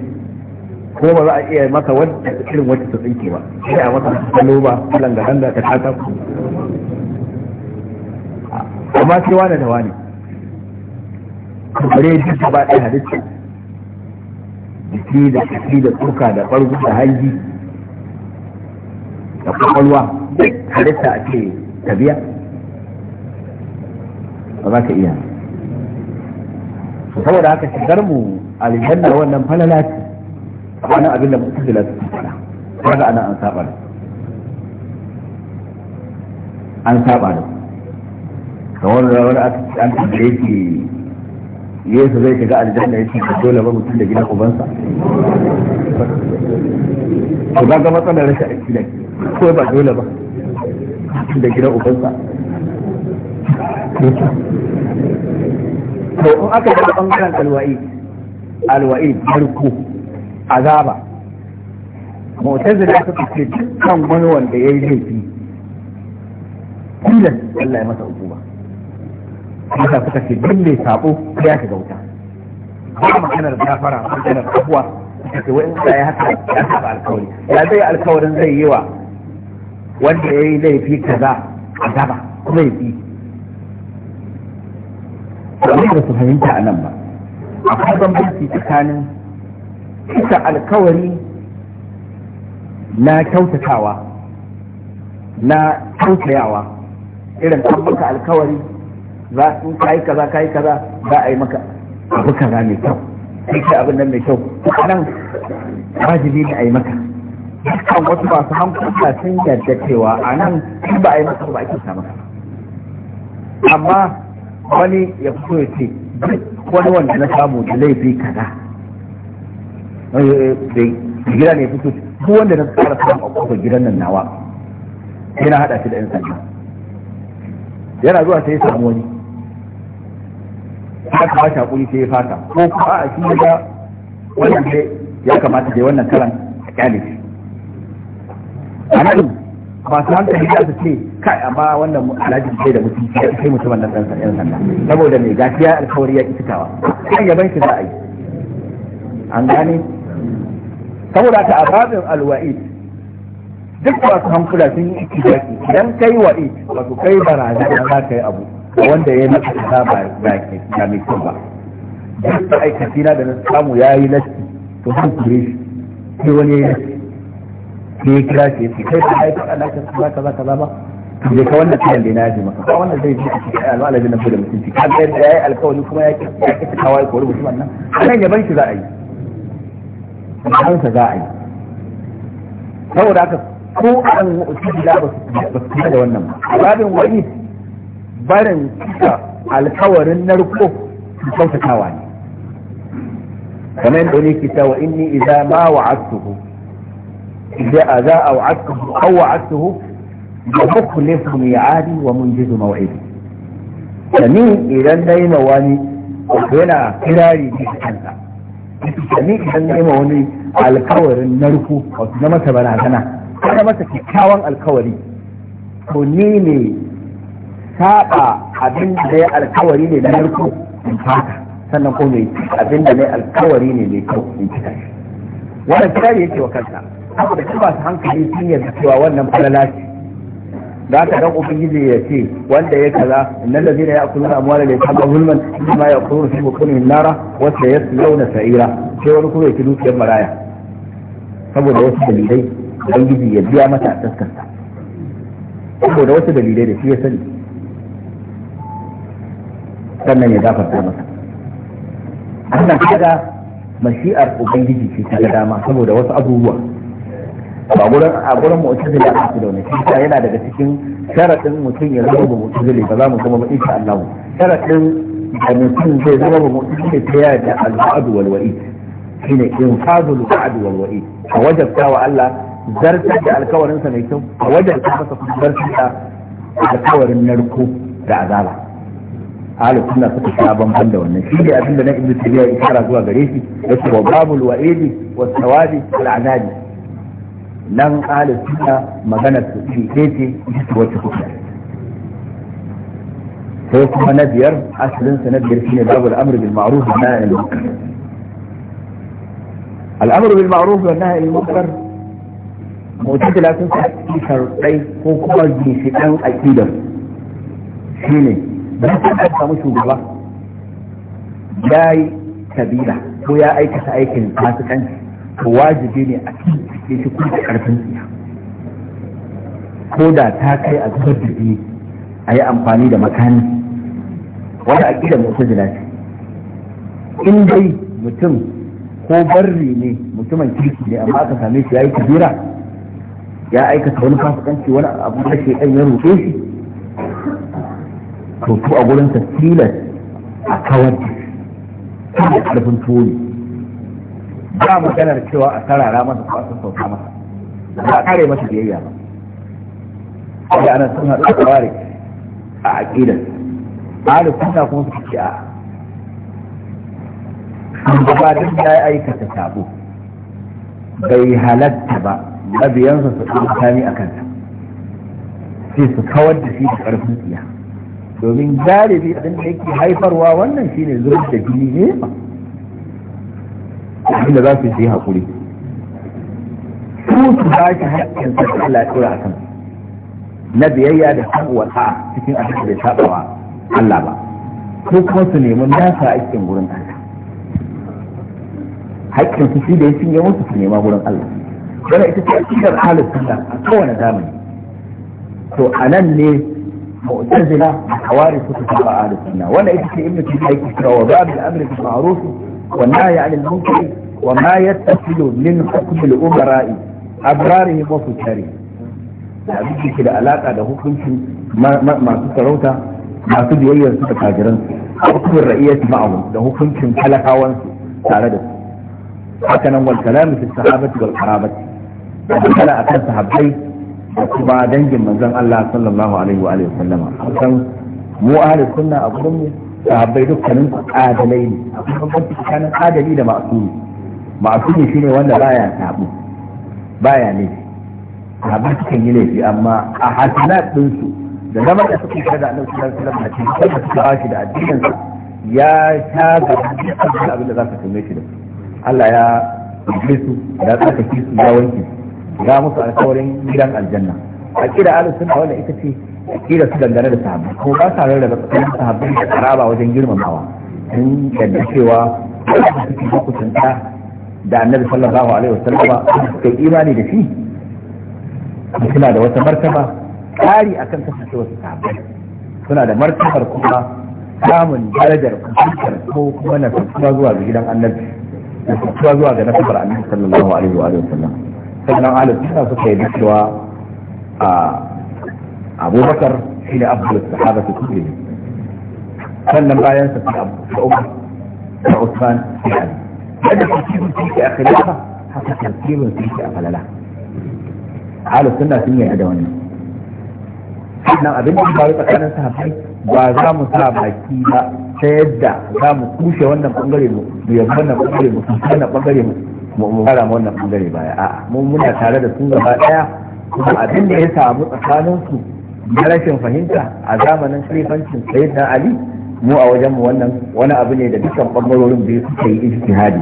ko ba za a iya masa wadda irin wacce ta tsinke ba sai a masa kallo ba kalan ga danga ta tata ku amma sai wani da wani bare duk gaba ɗaya halitta jiki da jiki da tsoka da ɓargo da hanji da kwakwalwa halitta a ce tabiya ba za ka iya saboda haka shigar mu aljanna wannan falala ce wannan abin da mu'tazila su fara kaga ana an saba da an saba da kamar wani an tambaye shi yesu zai shiga aljanna ya ce Ka dole ba mutum da gidan ubansa to ba ga matsalar rashin aiki da ko ba dole ba mutum da gidan ubansa to in aka ga bangaren alwa'i alwa'i barko azaba mu'tazila suka ce dukkan wani wanda ya yi laifi kullum Allah ya masa hukuma masa suka ce duk mai sabo ya shiga wuta ba maganar gafara maganar abuwa suka ce wa'in ya haka ya saba alkawari ya zai alkawarin zai yi wa wanda ya yi laifi kaza azaba kuma ya fi domin da su fahimta a nan ba akwai bambanci tsakanin cika alkawari na kyautatawa na kyautayawa irin an maka alkawari za su kayi kaza kayi kaza za a yi maka abu kaza mai kyau sai kai abin nan mai kyau nan wajibi ne a yi maka dukkan wasu masu hankula sun yarda cewa a nan ba a yi maka ba ake samu maka amma wani ya fito ya ce duk wani wanda na samu da laifi kaza eh, eh, da gida ne fito duk wanda na tsara samu a kofar gidan nan nawa yana hada shi da yan sanda yana zuwa sai ya samu wani ya kamata hakuri sai ya fata ko kuma a shi ga wannan ya kamata da wannan karan a kyale shi a nan masu hankali ya su ce kai amma wannan alhaji sai da mutum ya kai mutumin nan ɗansa ɗan sanda saboda mai gafiya alkawari ya kitikawa kan yaban shi za a yi an gane saboda ta ababin alwa'id duk masu hankula sun yi ikidaki idan kai wa'id wato kai da za ka yi abu wanda ya yi masa ta ba ga mai kyau ba duk da aikaci na da na samu ya yi lasti to zan kure shi sai wani ya yi lasti sai ya kira shi yace kai kai ka Allah ka kaza kaza kaza ba je ka wannan kiran da naji maka ba wannan zai ji a cikin alwala da na bude mutunci ka ga yadda yayi alkawari kuma ya ya ta kawai ko rubutu wannan nan yaban shi za a yi kansa za a yi saboda haka ko an mu'tadi da ba su da wannan ba babin wani barin cika alkawarin narko su kautatawa ne kamar yadda wani ke cewa inni idza ma wa'adtuhu إذا أذى أو عدته أو وعدته ومخلف ميعادي ومنجز موعدي سمين إذا نيم واني وأنا كراري بي كنتا سمين إذا نيم واني الكور نرفو وتنمت بناتنا أنا متى كاوان الكوري ونيني saba abin da ya alkawari ne na narko in fata sannan ko mai abin da ne alkawari ne mai kyau in kita shi wannan kira ne yake wa kansa haka da su hankali sun yarda cewa wannan falala ce da aka dan ubangiji ya ce wanda ya kaza innal ladina ya'kuluna amwala la yaqulu zulman inma yaqulu fi bukunihim nara wa sayaslawna sa'ira sai wani kuma ya ci dukiyar maraya saboda wasu dalilai ubangiji ya biya mata a taskarta saboda wasu dalilai da shi ya sani sannan ya gafarta masa wannan kaga mashi'ar ubangiji ce ta dama saboda wasu abubuwa ba gurin a gurin mu'tazili a cikin ne shi yana daga cikin sharadin mutum ya zama mu'tazili ba za mu zama ba insha Allah sharadin da mutum zai zama mu'tazili ta ya da al-wa'd wal wa'id shine infazul wa'd wal wa'id a wajen wa Allah zartar da alkawarin sa mai kyau a wajen wajabta masa zartar da alkawarin narko da azaba ahlus sunna suka sha banban da wannan shi ne abinda na ibnu tabiya ya isara zuwa gare shi yace wa babul wa'idi was thawabi al azabi nan ƙalin suna maganar su iri ɗaya ce wacce kuka sai kuma na biyar asalin sa na biyar shine babu al'amr bil ma'ruf wa nahy anil munkar al'amr bil ma'ruf wa nahy anil munkar mu'tazila sun sa sharuɗai ko kuma ginshiƙan aqidar shine ba ka samu shugaba yi kabila ko ya aikata aikin fasikanci wajibi ne a cikin shi kuma da karfin ko da ta kai a zubar da jini a yi amfani da makani wani aƙida mutu jila ce in dai mutum ko barri ne mutumin kirki ne amma aka same shi ya yi kabira ya aikata wani fasikanci wani abu da ke ɗan ya roƙe shi to a gurin tilas a kawar da ƙarfin tuwo ne ba maganar cewa a sarara masa ko a sassauta masa ba a kare masa biyayya ba sai ana sun haɗu da tsawarik a aƙidar ahalin suna kuma su ci a ba duk ya yi aikata sabo bai halatta ba mabiyansa su ɗan kami a kanta sai su kawar da shi da ƙarfin tsiya domin galibi abin da yake haifarwa wannan shine zuwa da jini ne ba abin da za su yi haƙuri su ba shi haƙƙin sa Allah ya tura akan na biyayya da sabuwar ta cikin abin da ya sabawa Allah ba ko kuma su nemi nasa aikin gurin Allah haƙƙin su shi da ya cinye musu su nema gurin Allah wannan ita ce akidar halin sunna a kowane zamani to a nan ne mu'tazila da hawari suka saba a halin sunna wannan ita ce ibnu tayyib yake cewa wa ba'd al-amri bil ma'ruf والنهي عن المنكر وما يتصل من حكم الأمراء أبرارهم وفجارهم abin ke da alaƙa da hukuncin masu sarauta masu biyayyar su da kajiran su hukumin ra'iyyati ma'ahu da hukuncin talakawan su tare da su haka nan wal kalamu fi sahabati wal qarabati da kala akan sahabbai da kuma dangin manzon Allah sallallahu alaihi wa alihi wasallama kan mu ahli sunna a gurin mu sahabbai dukkanin ku adalai ne akwai bambanci tsakanin adali da masu ne shine wanda baya sabu baya ne sahabbai sukan yi laifi amma a hasanat ɗinsu da zaman da suke kada a nan sallallahu alaihi wasallam a cikin da suka ashi da addinin ya sha ga dukkan abin da za ka tume shi da Allah ya rufe su ya tsaka su ya wanke ga musu alƙawarin gidan aljanna a kira alusunna wanda ita ce kila su dangane da sahabbai ko ba sa rarraba tsakanin sahabbai da karaba wajen girmamawa in yadda cewa suke kusanta da annabi sallallahu alaihi wasallama Kai imani da shi suna da wata martaba ƙari akan kasance wasu sahabbai suna da martabar kuma samun darajar kusantar ko kuma na kusurwa zuwa ga gidan annabi na kusurwa zuwa ga nasabar annabi sallallahu alaihi wa sallam sannan alaihi suna suka yi cewa a Abu Bakar shi ne abdul sahaba su kuɗi ne sannan bayan sa abu abu umar da usman sai ali yadda tasirin su yake a khilafa haka tasirin su yake a falala ahlus suna sun yi da wannan sannan abin da ba tsakanin sahabbai ba za mu sa baki ba ta yadda za mu kushe wannan bangare mu mu yabi wannan bangare mu kushe wannan bangare mu mu fara mu wannan bangare baya a'a mun muna tare da sun gaba daya kuma abin da ya samu tsakanin su na rashin fahimta a zamanin khalifancin sayyidina ali mu a wajen mu wannan wani abu ne da dukkan bangarorin biyu suka yi ijtihadi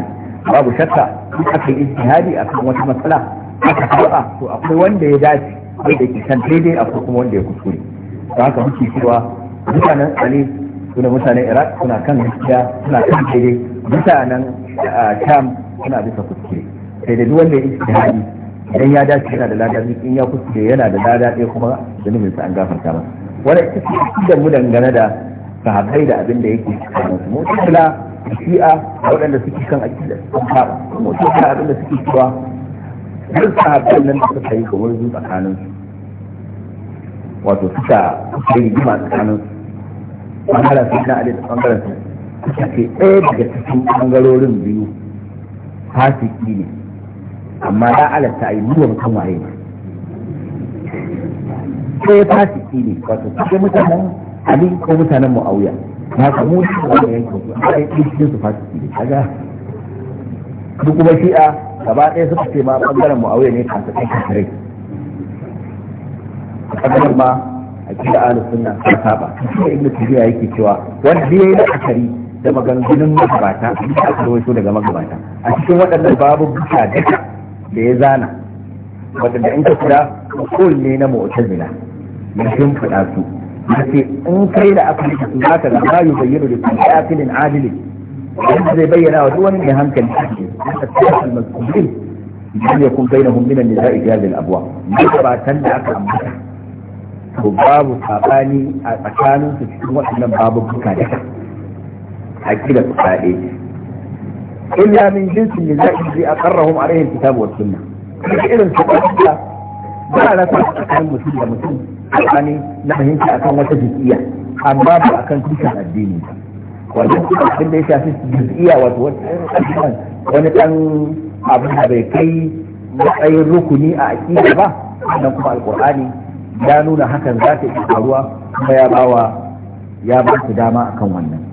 babu shakka duk aka yi ijtihadi akan wata matsala aka saba to akwai wanda ya dace wanda ke san daidai akwai kuma wanda ya kuskure to haka muke cewa mutanen ali suna mutanen iraq suna kan gaskiya suna kan daidai mutanen ah, sham suna bisa kuskure sai da duk wanda ya ijtihadi idan ya dace yana da lada biyu in ya kuskure yana da lada ɗaya kuma zunubin sa an gafarta masa wanda ita ce da mu dangane da sahabbai da abin da yake cikin su mutula shi'a waɗanda suke kan akida sun saba mutula abin da suke cewa duk sahabbai nan da suka yi kamar zu tsakanin su wato suka yi rigima tsakanin su bangaren su na ali bangaren su suka ce ɗaya daga cikin bangarorin biyu fasiki ne amma ya halatta a yi duba mutum waye ne ko ya ki ne wato cikin mutanen ali ko mutanen mu'awiya na samu shi da yankin su a yi cikin su ki ne kaga duk kuma shi'a gaba ɗaya suka ce ma ɓangaren mu'awiya ne kan tsakin A ɓangaren ma a kira alu sunna a saba shi ibnu tabiya yake cewa wanda ya yi la'akari da maganganun magabata a cikin daga magabata a cikin waɗannan babu buka duka da ya zana da in ka kira usul ne na mu'tazila ya shimfiɗa su yace in kai da aka yi su zaka ga ma yubayyinu li kulli aqilin adilin wanda zai bayyana wa duk wani mai hankali shi al-mas'ulin idan yakun bainahum min an-nisa'i fi hadhihi al-abwa mutabatan da aka ambata to babu sabani a tsakanin su cikin waɗannan babu buka da akida su kaɗe illa min jinsin min zai bi aqarrahum alaihi alkitab wa sunnah irin su da ba na ta tsakanin mutum da mutum tsakani na a akan wata jisiya amma ba akan tushen addini wato abin da ya shafi jisiya wato wani ɗan abin da bai kai matsayin rukuni a aƙida ba sannan kuma alƙur'ani ya nuna hakan za ta iya faruwa kuma ya bawa ya ba su dama akan wannan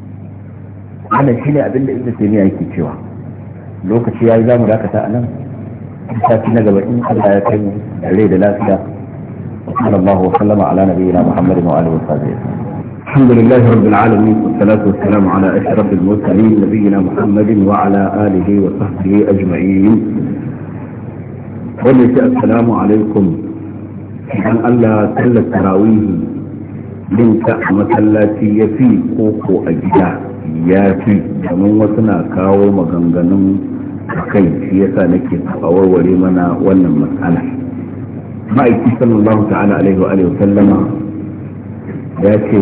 wannan shine abinda da ibnu taymiya yake cewa lokaci yayi zamu dakata a nan sati na gaba in Allah ya kai da rai da lafiya sallallahu wa sallama ala nabiyyina muhammadin wa alihi wa sahbihi الحمد لله رب العالمين والصلاة والسلام على أشرف المرسلين نبينا محمد وعلى آله وصحبه أجمعين وليس السلام عليكم أن ألا تل التراويه من كأمة التي يفي a gida ya fi domin wasu na kawo maganganun kai shi yasa nake warware mana wannan matsala ma'aiki sallallahu ta'ala alaihi wa alihi sallama ya ce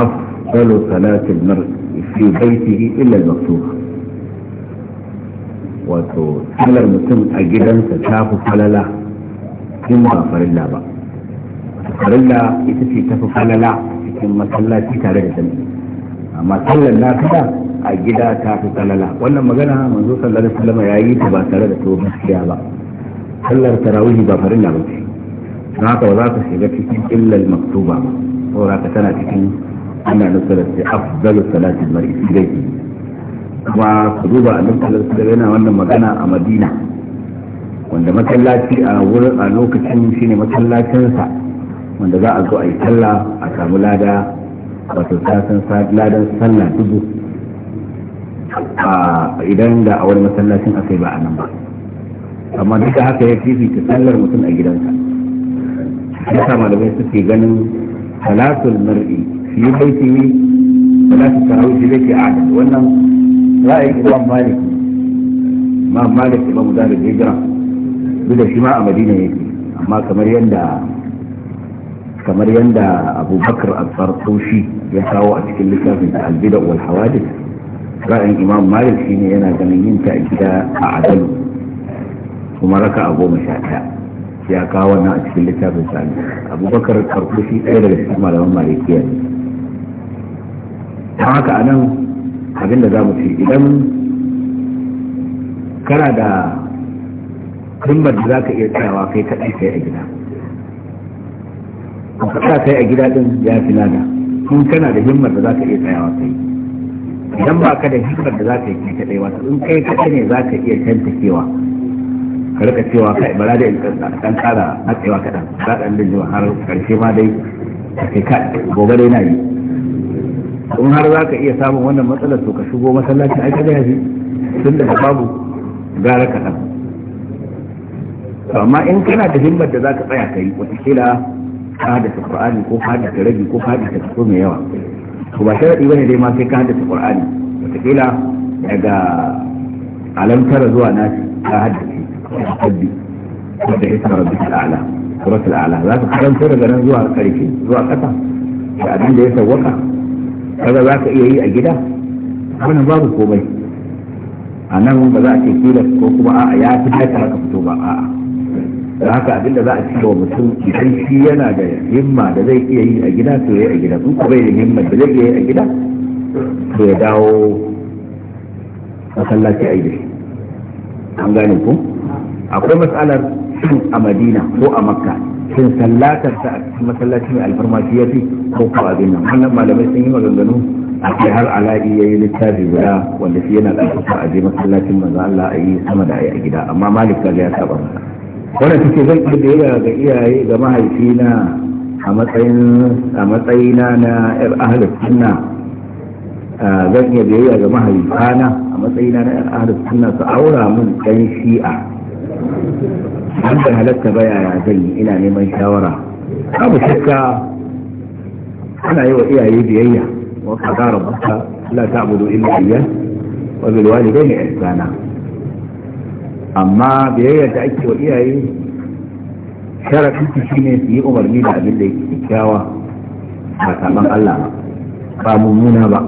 afdalu salatin mar fi baitihi illa al-maktuba wato sallar mutum a gidansa ta fi falala in ba farilla ba farilla ita ce ta fi falala cikin masallaci tare da jami'i amma sallar kada a gida ta fi tsalala wannan magana manzo sallar da sallama ya yi ta ba tare da to gaskiya ba sallar tarawih ba farin ba ce don haka ba za ka shiga cikin illal maktuba ba saboda ka tana cikin ana nufin sai afdalu salatin mar'i sai kuma ku duba a lokacin da yana wannan magana a madina wanda masallaci a wurin a lokacin shine masallacinsa wanda za a zo a yi talla a samu lada wato kasan ladan sallah dubu ah, idan da a wani masallacin aka yi ba a nan ba amma duka haka ya fifita sallar mutum a gidansa ya sa malamai suke ganin salatul mar'i fi ne salatul tarawih fi baiti a'la wannan ra'ayin imam malik imam malik imam zalim hijra duk da shi ma a madina yake amma kamar yadda kamar abubakar al-fartoshi ya kawo a cikin littafin albida wal hawadith ra'ayin imam malik shine yana ganin yin ta a gida a adalu kuma raka a goma sha ɗaya ya kawo wannan a cikin littafin sami abubakar karkushi ɗaya daga cikin malaman malikiya ta haka a nan abinda za mu ce idan kana da kalmar da za ka iya tsayawa kai kaɗai kai a gida ka kai a gida ɗin ya fi nada tun kana da himmar da za ka iya tsayawa kai idan ba ka da himmar da za ka iya kai wata in kai kaɗai ne za ka iya cewa ka rika cewa kai bara da ɗan ƙara matsewa kaɗan za ɗan da jiwa har ƙarshe ma dai kai ka gobe dai na yi in har za ka iya samun wannan matsalar to ka shigo masallacin ai kada yaji tun da babu gara kaɗan amma in kana da himmar da za ka tsaya kai kila. ka haddace qur'ani ko ka haddace rabi ko ka haddace kaso mai yawa to ba sharadi bane dai ma sai ka haddace qur'ani wataƙila daga alamtara zuwa nasi ka haddace sabbi da ita rabbikal a'la suratul a'la za ka karanta daga nan zuwa ƙarfi zuwa ƙasa da abin da ya sawwaka kaga za ka iya yi a gida wannan babu komai a nan ba za a ce tilas ko kuma a'a ya fi haka fito ba a'a da haka abinda za a ci wa mutum idan shi yana da himma da zai iya yi a gida to ya a gida ko bai da himma da zai iya yi a gida to ya dawo masallaci a gida an gane ku akwai matsalar shin a madina ko a makka shin sallatar ta a cikin masallaci mai alfarma shi ya fi ko ko abin nan wannan malamai sun yi maganganu a kai har ala'i ya yi littafi guda wanda shi yana ɗaukaka a je masallacin manzo Allah a yi sama da a yi a gida amma malik ga ya saba masa wanda take zan kirga ga iyaye ga mahaifina a matsayin a matsayina na yar ahlus sunna zan iya biyayya ga mahaifana a matsayina na yar ahlus sunna su aura mun ɗan shi'a an da halatta ba yaya zan yi ina neman shawara abu shakka ana yi wa iyaye biyayya wa qadara masa la ta'budu illa iyyah wa bil walidayni ihsana amma biyayyar da ake wa iyaye sharafinsu shi ne su yi umarni da abin da yake kyakkyawa ba saban Allah ba ba mummuna ba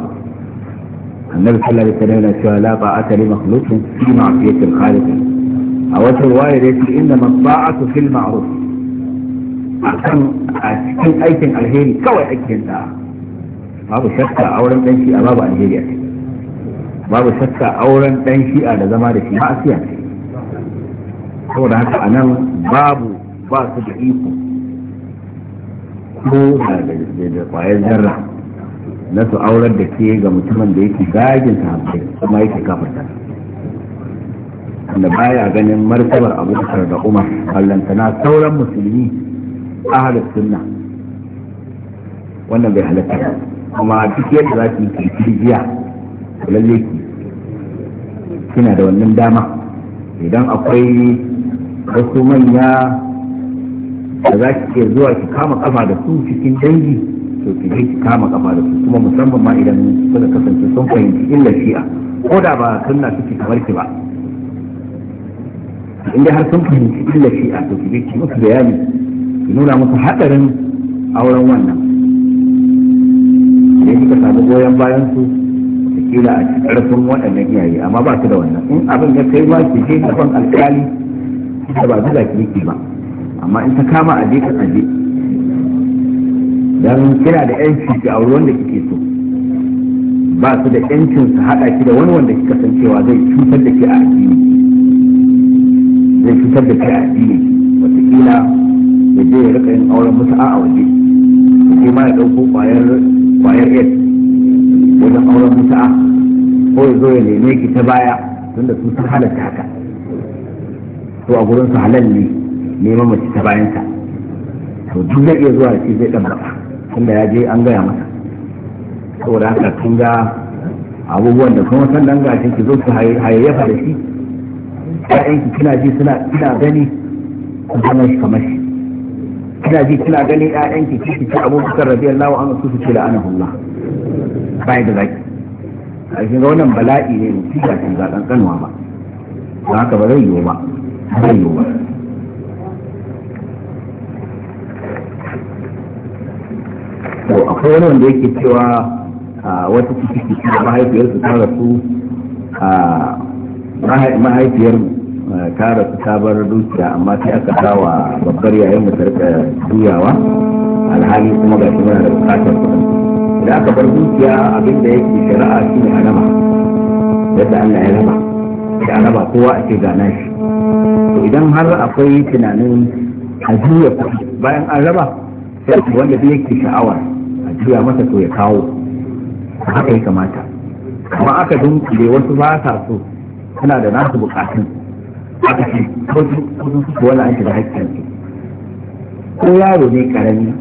annabi sallallahu alaihi wasallam yana cewa la a li makhluqin fi ma'siyati al-khaliq a wata riwaya da yake inna ma'ba'atu fil ma'ruf akan a cikin aikin alheri kawai aikin da babu shakka auren dan a babu alheri a babu shakka auren dan a da zama da shi ma'asiya ce saboda haka a nan babu ba su da iko ko da kwayar jarra na su aurar da ke ga mutumin da yake gagin sahabbai kuma yake kafarta wanda baya ganin martabar abu da umar na sauran musulmi a halar sunna wannan bai halatta kuma duk yadda za su yi kirkiriya lalle kina da wannan dama idan akwai wasu manya da za ki ke zuwa ki kama kafa da su cikin dangi to ki je ki kama kafa da su kuma musamman ma idan suka kasance sun fahimci illa shi'a ko da ba sunna suke kamar ki ba in dai har sun fahimci illa shi'a to ki je ki musu bayani ki nuna musu hadarin auren wannan idan kika samu goyon bayan su kila a karfin waɗannan iyaye amma ba su da wannan in abin ya kai ba ki je gaban alkali ita ba zuga ki yake ba amma in ta kama a jikin aje dan kira da yanci ga auri wanda kike so ba su da yancin su hada ki da wani wanda kika san cewa zai cutar da ke a addini zai cutar da ke a addini ya je ya rika yin auren mutu'a a waje ke ma ya ɗauko kwayar kwayar wajen auren mutu'a ko ya zo ya neme ki ta baya tunda da sun halatta haka su a gurin su halal ne neman mace ta bayan ta to duk zai iya zuwa shi zai dan baka tunda ya je an gaya masa saboda haka kun ga abubuwan da kuma san danga shi ki zo su hayayyafa da shi ki kina ji suna kina gani ku zama shi kamar shi kina ji kina gani ki kiki ci abubakar radiyallahu anhu su ce la'anahullah bai da zaki a shi ga wannan bala'i ne ga ce ga kankanwa ba don haka ba zai yiwu ba zai yi ba to akwai wani wanda yake cewa wata ciki ta mahaifiyarsu ta rasu mahaifiyar ta rasu ta bar dukiya amma sai aka dawa babbar yayin mu tarka juyawa alhali kuma ga shi muna da bukatar da idan aka bar dukiya abin da yake shari'a shine a raba yadda Allah ya raba ya raba kowa a gana shi idan har akwai tunanin a kuɗi bayan an raba sai wanda zai yake sha'awa a juya masa to ya kawo haka ya kamata amma aka dunkule wasu ba sa so suna da nasu bukatun aka ce wasu su wani aiki da hakkin su ko yaro ne karami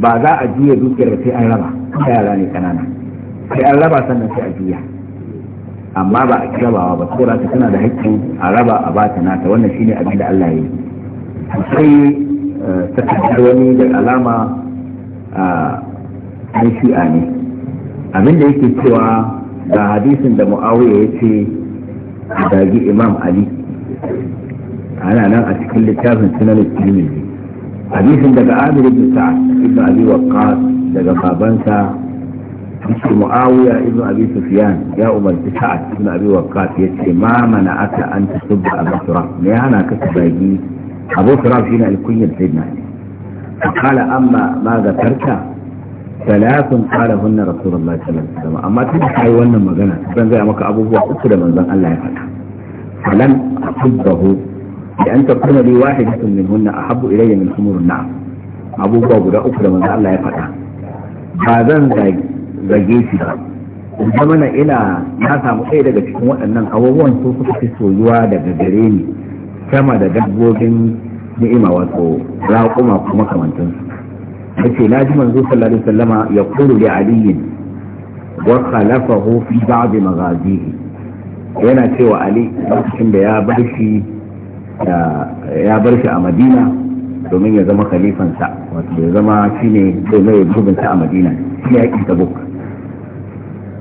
ba za a juya dukiyar sai an raba yara ne kanana sai an raba sannan sai a juya amma ba a rabawa ba saboda ta tana da haƙƙin a raba a bata nata wannan shine abin da Allah ya yi sai eh, ta wani da alama eh, a ɗan ne abin da yake cewa ga hadisin da mu'awiya ya ce zagi imam ali ana nan a cikin littafin sunan tirmidhi hadisin daga amir ibn sa'ad ibn abi waqqas daga babansa معاوية ابن أبي سفيان يا أمر سعد ابن أبي وقاص يتي ما منعك أن تسب أبا تراب ما أنا كتباجي أبو تراب فينا الكل سيدنا فقال أما ما ذكرت ثلاث قالهن رسول الله صلى الله عليه وسلم أما تنحي وانا مغنى تبقى زي أمك أبو هو أكد من ذن الله يفتح فلن أحبه لأن تكون لي واحدة منهن أحب إلي من حمر النعم أبو هو أكد من ذن الله يفتح هذا ذلك zage shi ba zamana ina na samu ɗaya daga cikin waɗannan abubuwan su suka fi soyuwa daga gare ni sama da dabbobin ni'ima wato raƙuma kuma kamantansu yace na ji manzo sallallahu alaihi wasallama ya kuru li aliyin wa khalafahu fi ba'd maghazihi yana cewa ali lokacin da ya bar shi ya bar shi a madina domin ya zama khalifansa wato ya zama shine zai mai gurbinta a madina shi ne yakin tabuk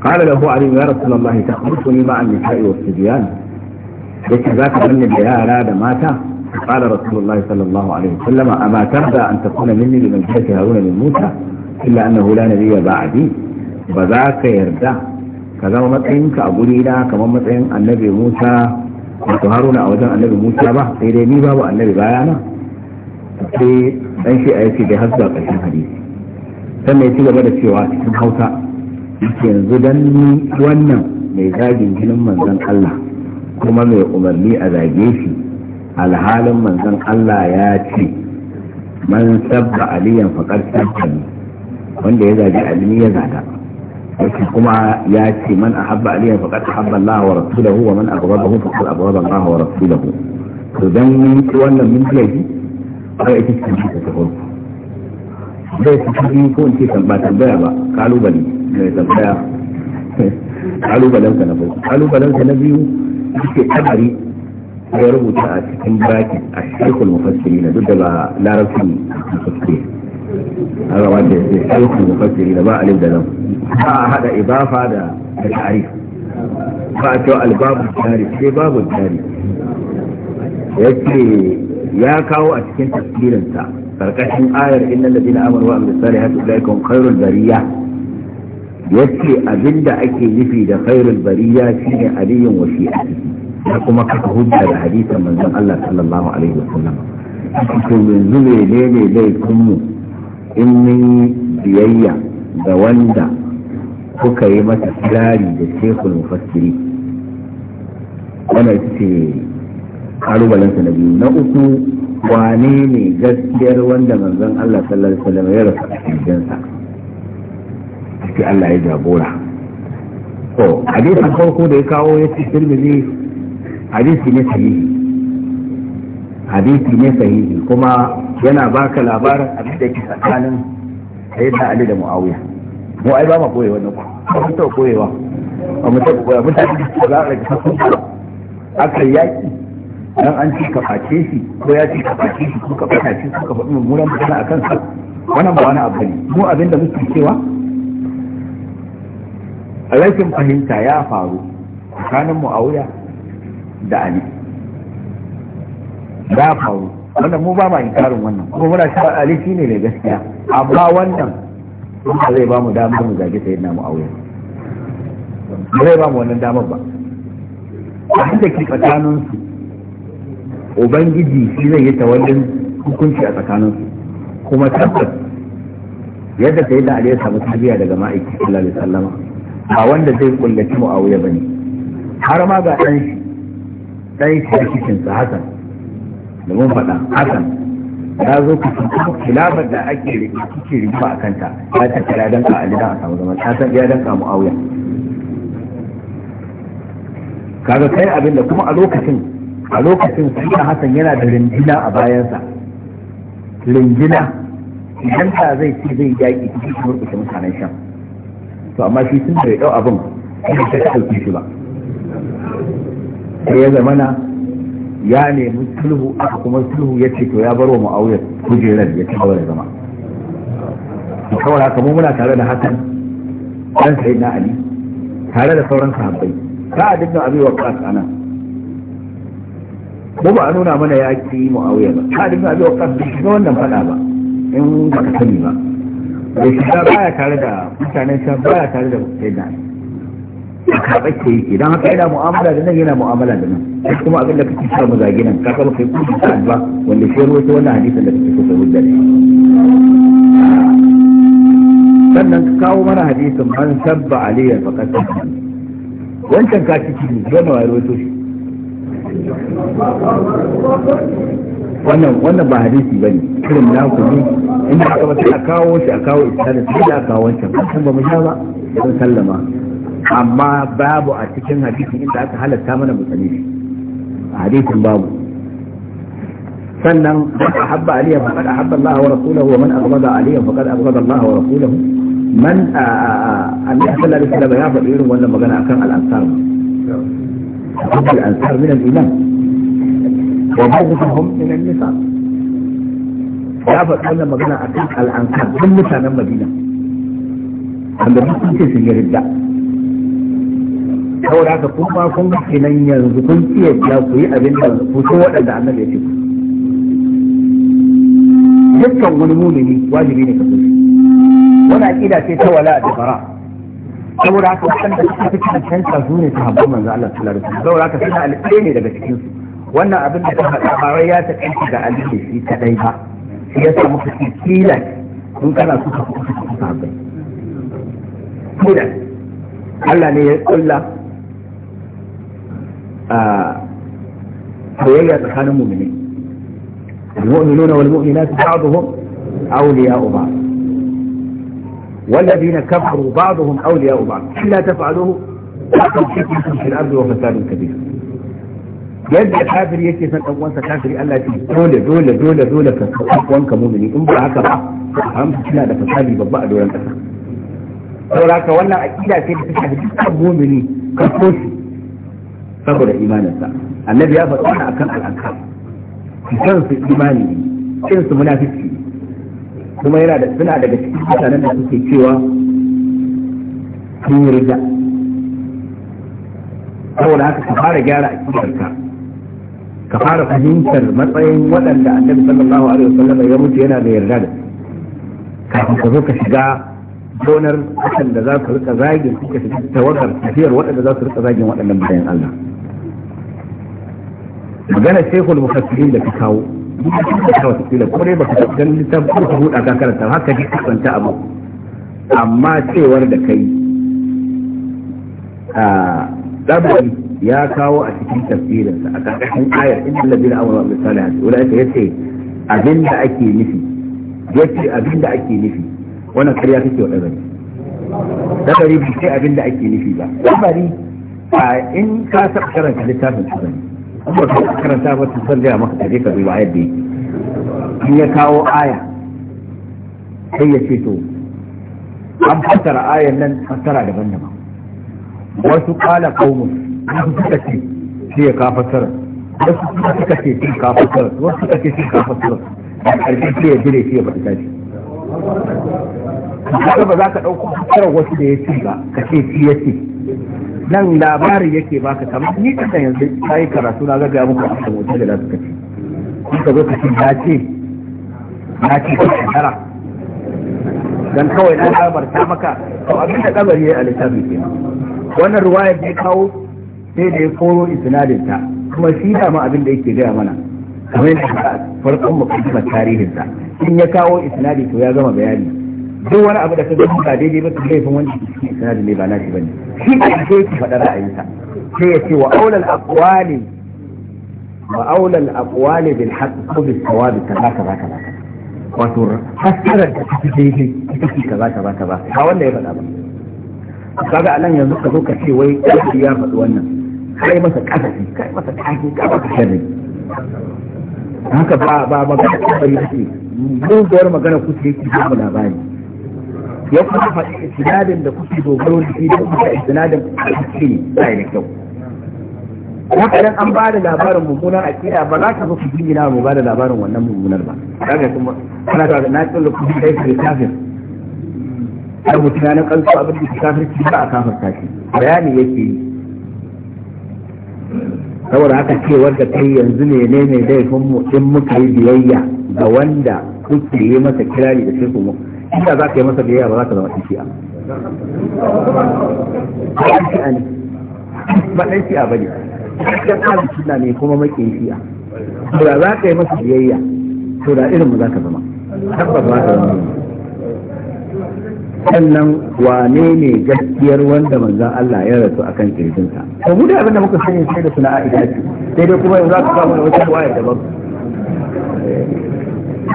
قال له علي يا رسول الله تخرجني مع النساء والصبيان ليس ذاك مني يا أراد ماتا قال رسول الله صلى الله عليه وسلم أما ترضى أن تكون مني بمنزلة هارون من موسى إلا أنه لا نبي بعدي بذاك يرضى كذا ومتعينك أقول إلا كما متعين النبي موسى wato haruna a wajen annabi musa ba sai dai ni babu annabi bayana sai dan shi a yake da hasba ƙarshen hadisi sannan ya ci gaba da cewa cikin hausa yanzu dan ni wannan mai zagin jinin manzon Allah kuma mai umarni a zage shi alhalin manzon Allah ya ce man sabba aliyan faƙar sabbani wanda ya zage alimi ya zaga yake kuma ya ce man ahabba aliyan faqad ahabba Allah wa rasulahu wa man aghdabahu faqad aghdaba Allah wa rasulahu to dan ni wannan mun ci shi sai ita ce ta farko zai ci ko in ce kan ba tambaya ba kalubale mai tambaya kalubalensa na farko kalubalensa na biyu yake kabari ya rubuta a cikin baki a shirkul mufassiri na duk da ba larabci mufassiri a rawa da ya shirkul mufassiri da ba alif da lam ba a hada ibafa da ta'arif ba a cewa albabu tari sai babu tari yace ya kawo a cikin tafsirinsa karkashin ayar innal ladina amanu wa amilus salihati ulaikum khairul bariyah yace abinda ake nufi da khairul bariya shine aliyun wa shi'ati da kuma kafa hujjar da hadisin manzon Allah sallallahu alaihi wasallam to yanzu ne ne laifin mu in mun biyayya da wanda kuka yi mata kirari da shekul mufassiri wannan ce kalubalensa na biyu na uku wane ne gaskiyar wanda manzon Allah sallallahu alaihi wasallam ya rasa a cikin ciki Allah ya jagora to hadisin farko da ya kawo ya ce tirmidhi hadisi ne sahihi hadisi ne sahihi kuma yana baka labarin abin da yake tsakanin sayyidina Ali da Muawiya mu ai ba ma koyewa ne ko mu ta koyewa ba mu ta koyewa mutane da za a ga aka yaki dan an ci kaface shi ko ya ci kaface shi ko kaface shi ko kaface mummunan mutane akan sa wannan ba wani abu ne mu abin da muke cewa rashin fahimta ya faru tsakanin mu'awiya da ali ya faru wannan mu ba ma inkarin wannan kuma muna cewa ali shine mai gaskiya amma wannan ba zai ba mu damar mu zage na mu'awiya ba zai ba mu wannan damar ba a hada ke tsakaninsu. ubangiji shi zai yi tawallin hukunci a tsakaninsu kuma tabbas yadda da ali ya samu tabiya daga ma'aikatan lalata alaihi ba wanda zai kullaci mu'awiya ne. har ma ga ɗan shi ɗan shi da cikin sa hasan da mun faɗa hasan ya zo ku cikin kilabar da ake rikici rikici a kanta ya tafi ya danka a gidan a samu zaman ya san ya danka mu'awiya kaga kai abin da kuma a lokacin a lokacin sai hasan yana da rinjina a bayansa rinjina idan ta zai ce zai yaƙi cikin murƙushe mutanen shan to amma shi sun bai ɗau abin kuma ta ɗauki shi ba sai ya na ya nemi sulhu aka kuma sulhu ya ce to ya bar wa mu'awiyar kujerar ya ci gaba da zama to kawai haka mu muna tare da hakan ɗan sai na ali tare da sauran sahabbai a dukkan abin wa a anan mu ba nuna mana ya ci mu'awiyar. ba ta dinga abi wa qas ba wannan ba in ba ka sani ba da shiga baya tare da mutanen shan baya tare da sai da a karɓar ke yake don haka yana mu'amala da nan yana mu'amala da nan sai kuma abin da kake sa mazagi nan ka kama kai kudin ka ba wanda shi ruwa ta wannan hadisin da kake so ka rubuta sannan ka kawo mana hadisin man sabba aliyar faƙar sabba wancan ka ciki ne zama wa ruwa to shi wannan wannan ba hadisi bane irin na ku ne in da aka bata kawo shi a kawo isnadin sai da kawo wancan kan mu sha ba don sallama amma babu a cikin hadisin inda aka halatta mana mu hadisin babu sannan a habba aliya faqad ahabba Allah wa rasulahu wa man abghada aliya faqad abghada Allah wa rasulahu man annabi sallallahu alaihi wasallam ya faɗi irin wannan magana akan al-ansar al-ansar min al-iman wa ba'dhum min an-nisa ya faɗi wannan magana a kan al'ankar duk mutanen madina wanda duk sun ce sun yi ridda saboda haka kun yanzu kun iya ku yi abin ku so waɗanda annabi ya wani wajibi ne ce ta wala a jabara saboda haka waɗanda suka fi cancanta su ne sahabban manzo Allah sallallahu saboda haka suna alƙairi ne daga cikin su wannan abin da ta faɗa ba wai ya taƙaita ga Ali ne shi kadai ba shi ya samu muka ce kilan in kana suka so ka kuka kuka bai kila Allah ne ya kulla a soyayya tsakanin mu'mini المؤمنون والمؤمنات بعضهم أولياء بعض والذين كفروا بعضهم أولياء بعض إلا تفعلوه تكن فتنة في الأرض وفساد كبير yadda kafir yake son dan uwansa kafiri Allah ya ce dole dole dole dole ka san uwanka mu'mini in ba haka ba an kina da fasali babba a doron kasa saboda haka wannan aqida ce da take da dukkan mu'mini ka so shi saboda sa annabi ya faɗa wannan akan al'anka kan su imani kin su munafiki kuma yana da suna daga cikin mutanen da suke cewa sun yi rida saboda haka ka fara gyara a cikin ka ka fara fahimtar matsayin waɗanda annabi sallallahu alaihi wasallam ya mutu yana da yarda da kafin ka zo ka shiga gonar waɗanda za su rika zagin suka shiga tawagar tafiyar waɗanda za su rika zagin waɗannan bayan Allah magana shekul mufassirin da ka kawo kuma dai baka ganin littafin ko ka buɗa ka karanta haka ji kasanta abu amma cewar da kai dabari ya kawo a cikin tafsirinsa a ƙarƙashin ayar inda labira amurwa mai salihati wadda ya ce abinda ake nufi ya ce abinda ake nufi wani karya kake wa dabari dabari bai ce abinda ake nufi ba dabari a in ka saba karanta littafin su bane in ba ka karanta ba su san gaya maka kaje ka duba yadda yake in ya kawo aya sai ya ce to an fassara ayan nan fassara daban-daban wasu kala kaumun wasu suka ce shi ya kafasar wasu suka ce sai kafasar wasu suka ce sai kafasar da karfi shi ya jire shi ya bata tashi haka ba za ka ɗauko fassarar wasu da ya ce ba ka ce shi ya ce nan labarin yake baka kamar ni kasan yanzu ta yi karatu na gaggaya muku a kan da za suka ce in ka zo ka ce na ce na ce ka shekara dan kawai na ta maka to abin da kabari ya yi a littafi kenan wannan ruwaya da ya kawo sai da ya koro isnadin kuma shi dama abin da yake gaya mana kamar yadda farkon mukaddimar tarihin sa in ya kawo isnadi to ya gama bayani duk wani abu da ka gani ba daidai ba su laifin wanda ke cikin isnadi ne ba nashi bane shi ne sai yake faɗa ra'ayinsa sai ya ce wa aulal aqwali wa aulal aqwali bil haqq bil sawabi kaza kaza kaza wato fassarar da take daidai ita ce kaza kaza kaza ba wanda ya faɗa ba kaga a nan yanzu ka zo ka ce wai kashi ya faɗi wannan kai masa kasafi kai masa kashi ka masa sharri haka ba ba magana kabari ba Mun muguwar magana kuke yake ba mu labari ya kuma faɗi istinadin da kuke dogaro da shi da kuka istinadin a cikin ne da kyau haka nan an ba da labarin mummunar akida ba za ka zo ku jingina mu ba da labarin wannan mummunar ba kaga kuma kana ga na tsalla ku ji kai kafin har mutum ya na kansu abin da kafirci ba a kafarta shi bayani yake yi saboda haka cewar da kai yanzu ne ne ne laifin mu in muka yi biyayya ga wanda kuke yi masa kirari da shirku mu inda za ka yi masa biyayya ba za ka zama a? ba ɗan shi'a ne ba ɗan shi'a ba ne ɗan ɗan na ne kuma maƙin a. da za ka yi masa biyayya to da irin mu za ka zama tabbas ba ka zama sannan wane ne gaskiyar wanda manzan Allah ya rasu akan kirjinsa to mu da abinda muka sani sai da suna aida ce sai dai kuma yanzu aka samu da wata waya daban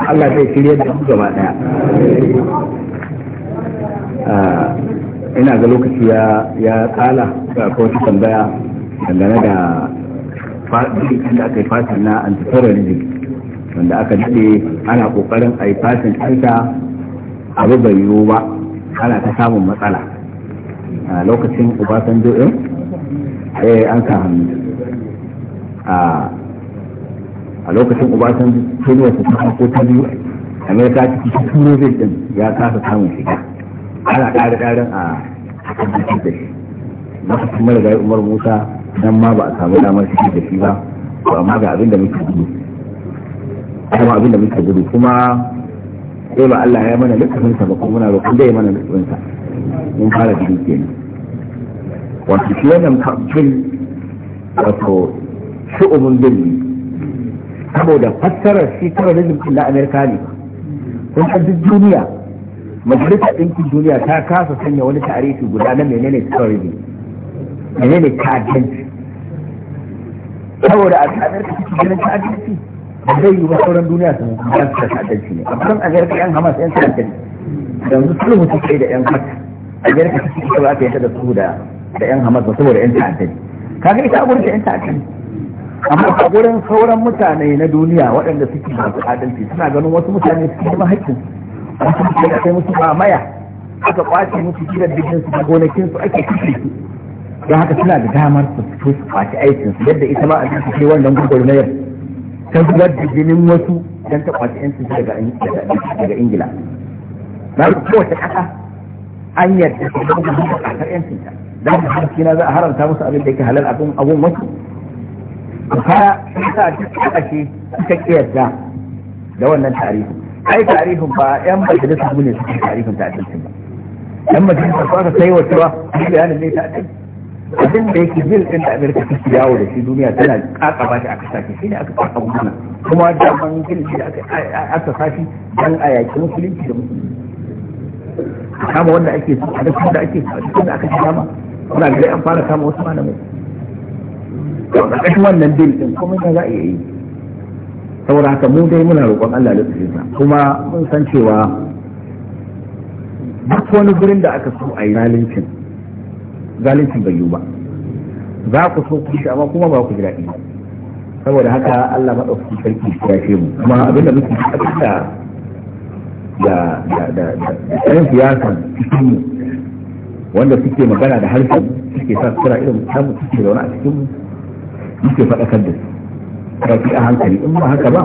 Allah zai shirya da su gaba ɗaya. Ah, ina ga lokaci ya ya kala ga kowace tambaya dangane da fadin da aka yi fatin na antiterrorism wanda aka daɗe ana ƙoƙarin a yi fatin kanta abu bai yiwu ba ana ta samun matsala a lokacin obasanjo ɗin eh? eh an ka hannu a lokacin obasanjo tuniya su ta ko ta biyu amerika ciki ta turo zai ɗin ya kasa samun shiga ana ƙari ƙarin a cikin da shi kuma da gari umar musa nan ma ba a samu damar shi da shi ba amma ga abin da muke gudu kuma abin da muke gudu kuma sai ba Allah ya mana littafin sa ba kuma muna roƙon da ya mana littafin sa mun fara biyu kenan wato shi wannan bil wato shu'umun bil saboda fassarar shi terrorism din na Amerika ne kun san duk duniya majalisar ɗinkin duniya ta kasa sanya wani tarihi guda na menene terrorism menene ta'addanci saboda a Amerika take ganin ta'addanci ba zai yi ba sauran duniya su mutu ba su ta'addanci ne a kusan a garka yan hamas yan ta'addanci yanzu sulhu su kai da yan fata a garka su suke ba ta yadda da su da yan hamas ba saboda yan ta'addanci kaga ita a gurin da yan ta'addanci amma a gurin sauran mutane na duniya waɗanda suke masu adalci suna ganin wasu mutane suke neman haƙƙin wasu mutane sai musu mamaya aka kwace musu gidan dukkan su da gonakin su ake kashe su don haka suna da damar su fito su kwace aikin su yadda ita ma a cikin wannan gurgurmayar ta zubar da jinin wasu don ta kwaci yanci daga ingila na kowace ƙasa an yarda ta zama da ƙasar yancinta don da harshe na za a haramta musu abin da yake halal abin abun wasu ka sa duk ƙasashe suka ƙiyarda da wannan tarihi ai tarihin ba yan majalisar mu ne suke tarihin ta ba yan majalisar ba ka sai wa cewa bayanin ne ta abin da yake bil din da Amerika fi yawo da shi duniya tana ba shi aka sake shi ne aka kaka mana kuma da man bil shi aka sashi dan a yaki musulunci da musulunci kama wanda ake so a dukkan da ake so a dukkan da aka kama kuna ga an fara kama wasu mai a ƙarƙashin wannan bil din kuma ya za a yi saboda haka mu dai muna roƙon Allah da tsirinsa kuma mun san cewa duk wani gurin da aka so a yi zalincin zalincin bai yiwu ba za ku so ku shi amma kuma ba ku ji daɗi saboda haka Allah ma maɗaukaki sarki ya ce mu kuma abin da muke abin da da da ɗan siyasan cikinmu wanda suke magana da harshen suke sa sura irin samu suke zaune a cikinmu suke faɗakar da su ƙarfi a hankali in ba haka ba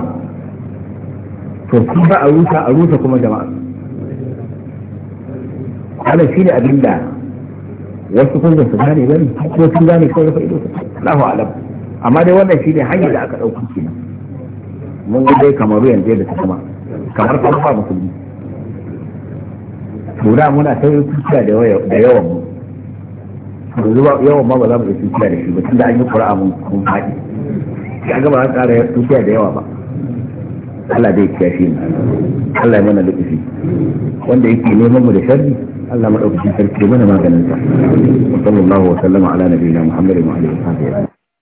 to su ba a rusa a rusa kuma jama'a wannan shine abin da wasu kun da su gane bane ko sun gane ko rufe ido Allahu alam amma dai wannan shine hanyar da aka dauki kenan mun ga dai kamar yanzu da ta kuma kamar ta ba musulmi to da muna ta yi kuciya da yawan mu yanzu yawan ma ba za mu yi kuciya da shi ba tunda an yi qur'a mun haɗi. faɗi ya ga ba za ƙara kuciya da yawa ba Allah zai kiyaye mu Allah ya mana lokaci wanda yake neman mu da sharri Allah madaukakin sarki mana maganin sa sallallahu wa sallama ala nabiyina muhammadin wa alihi wa sahbihi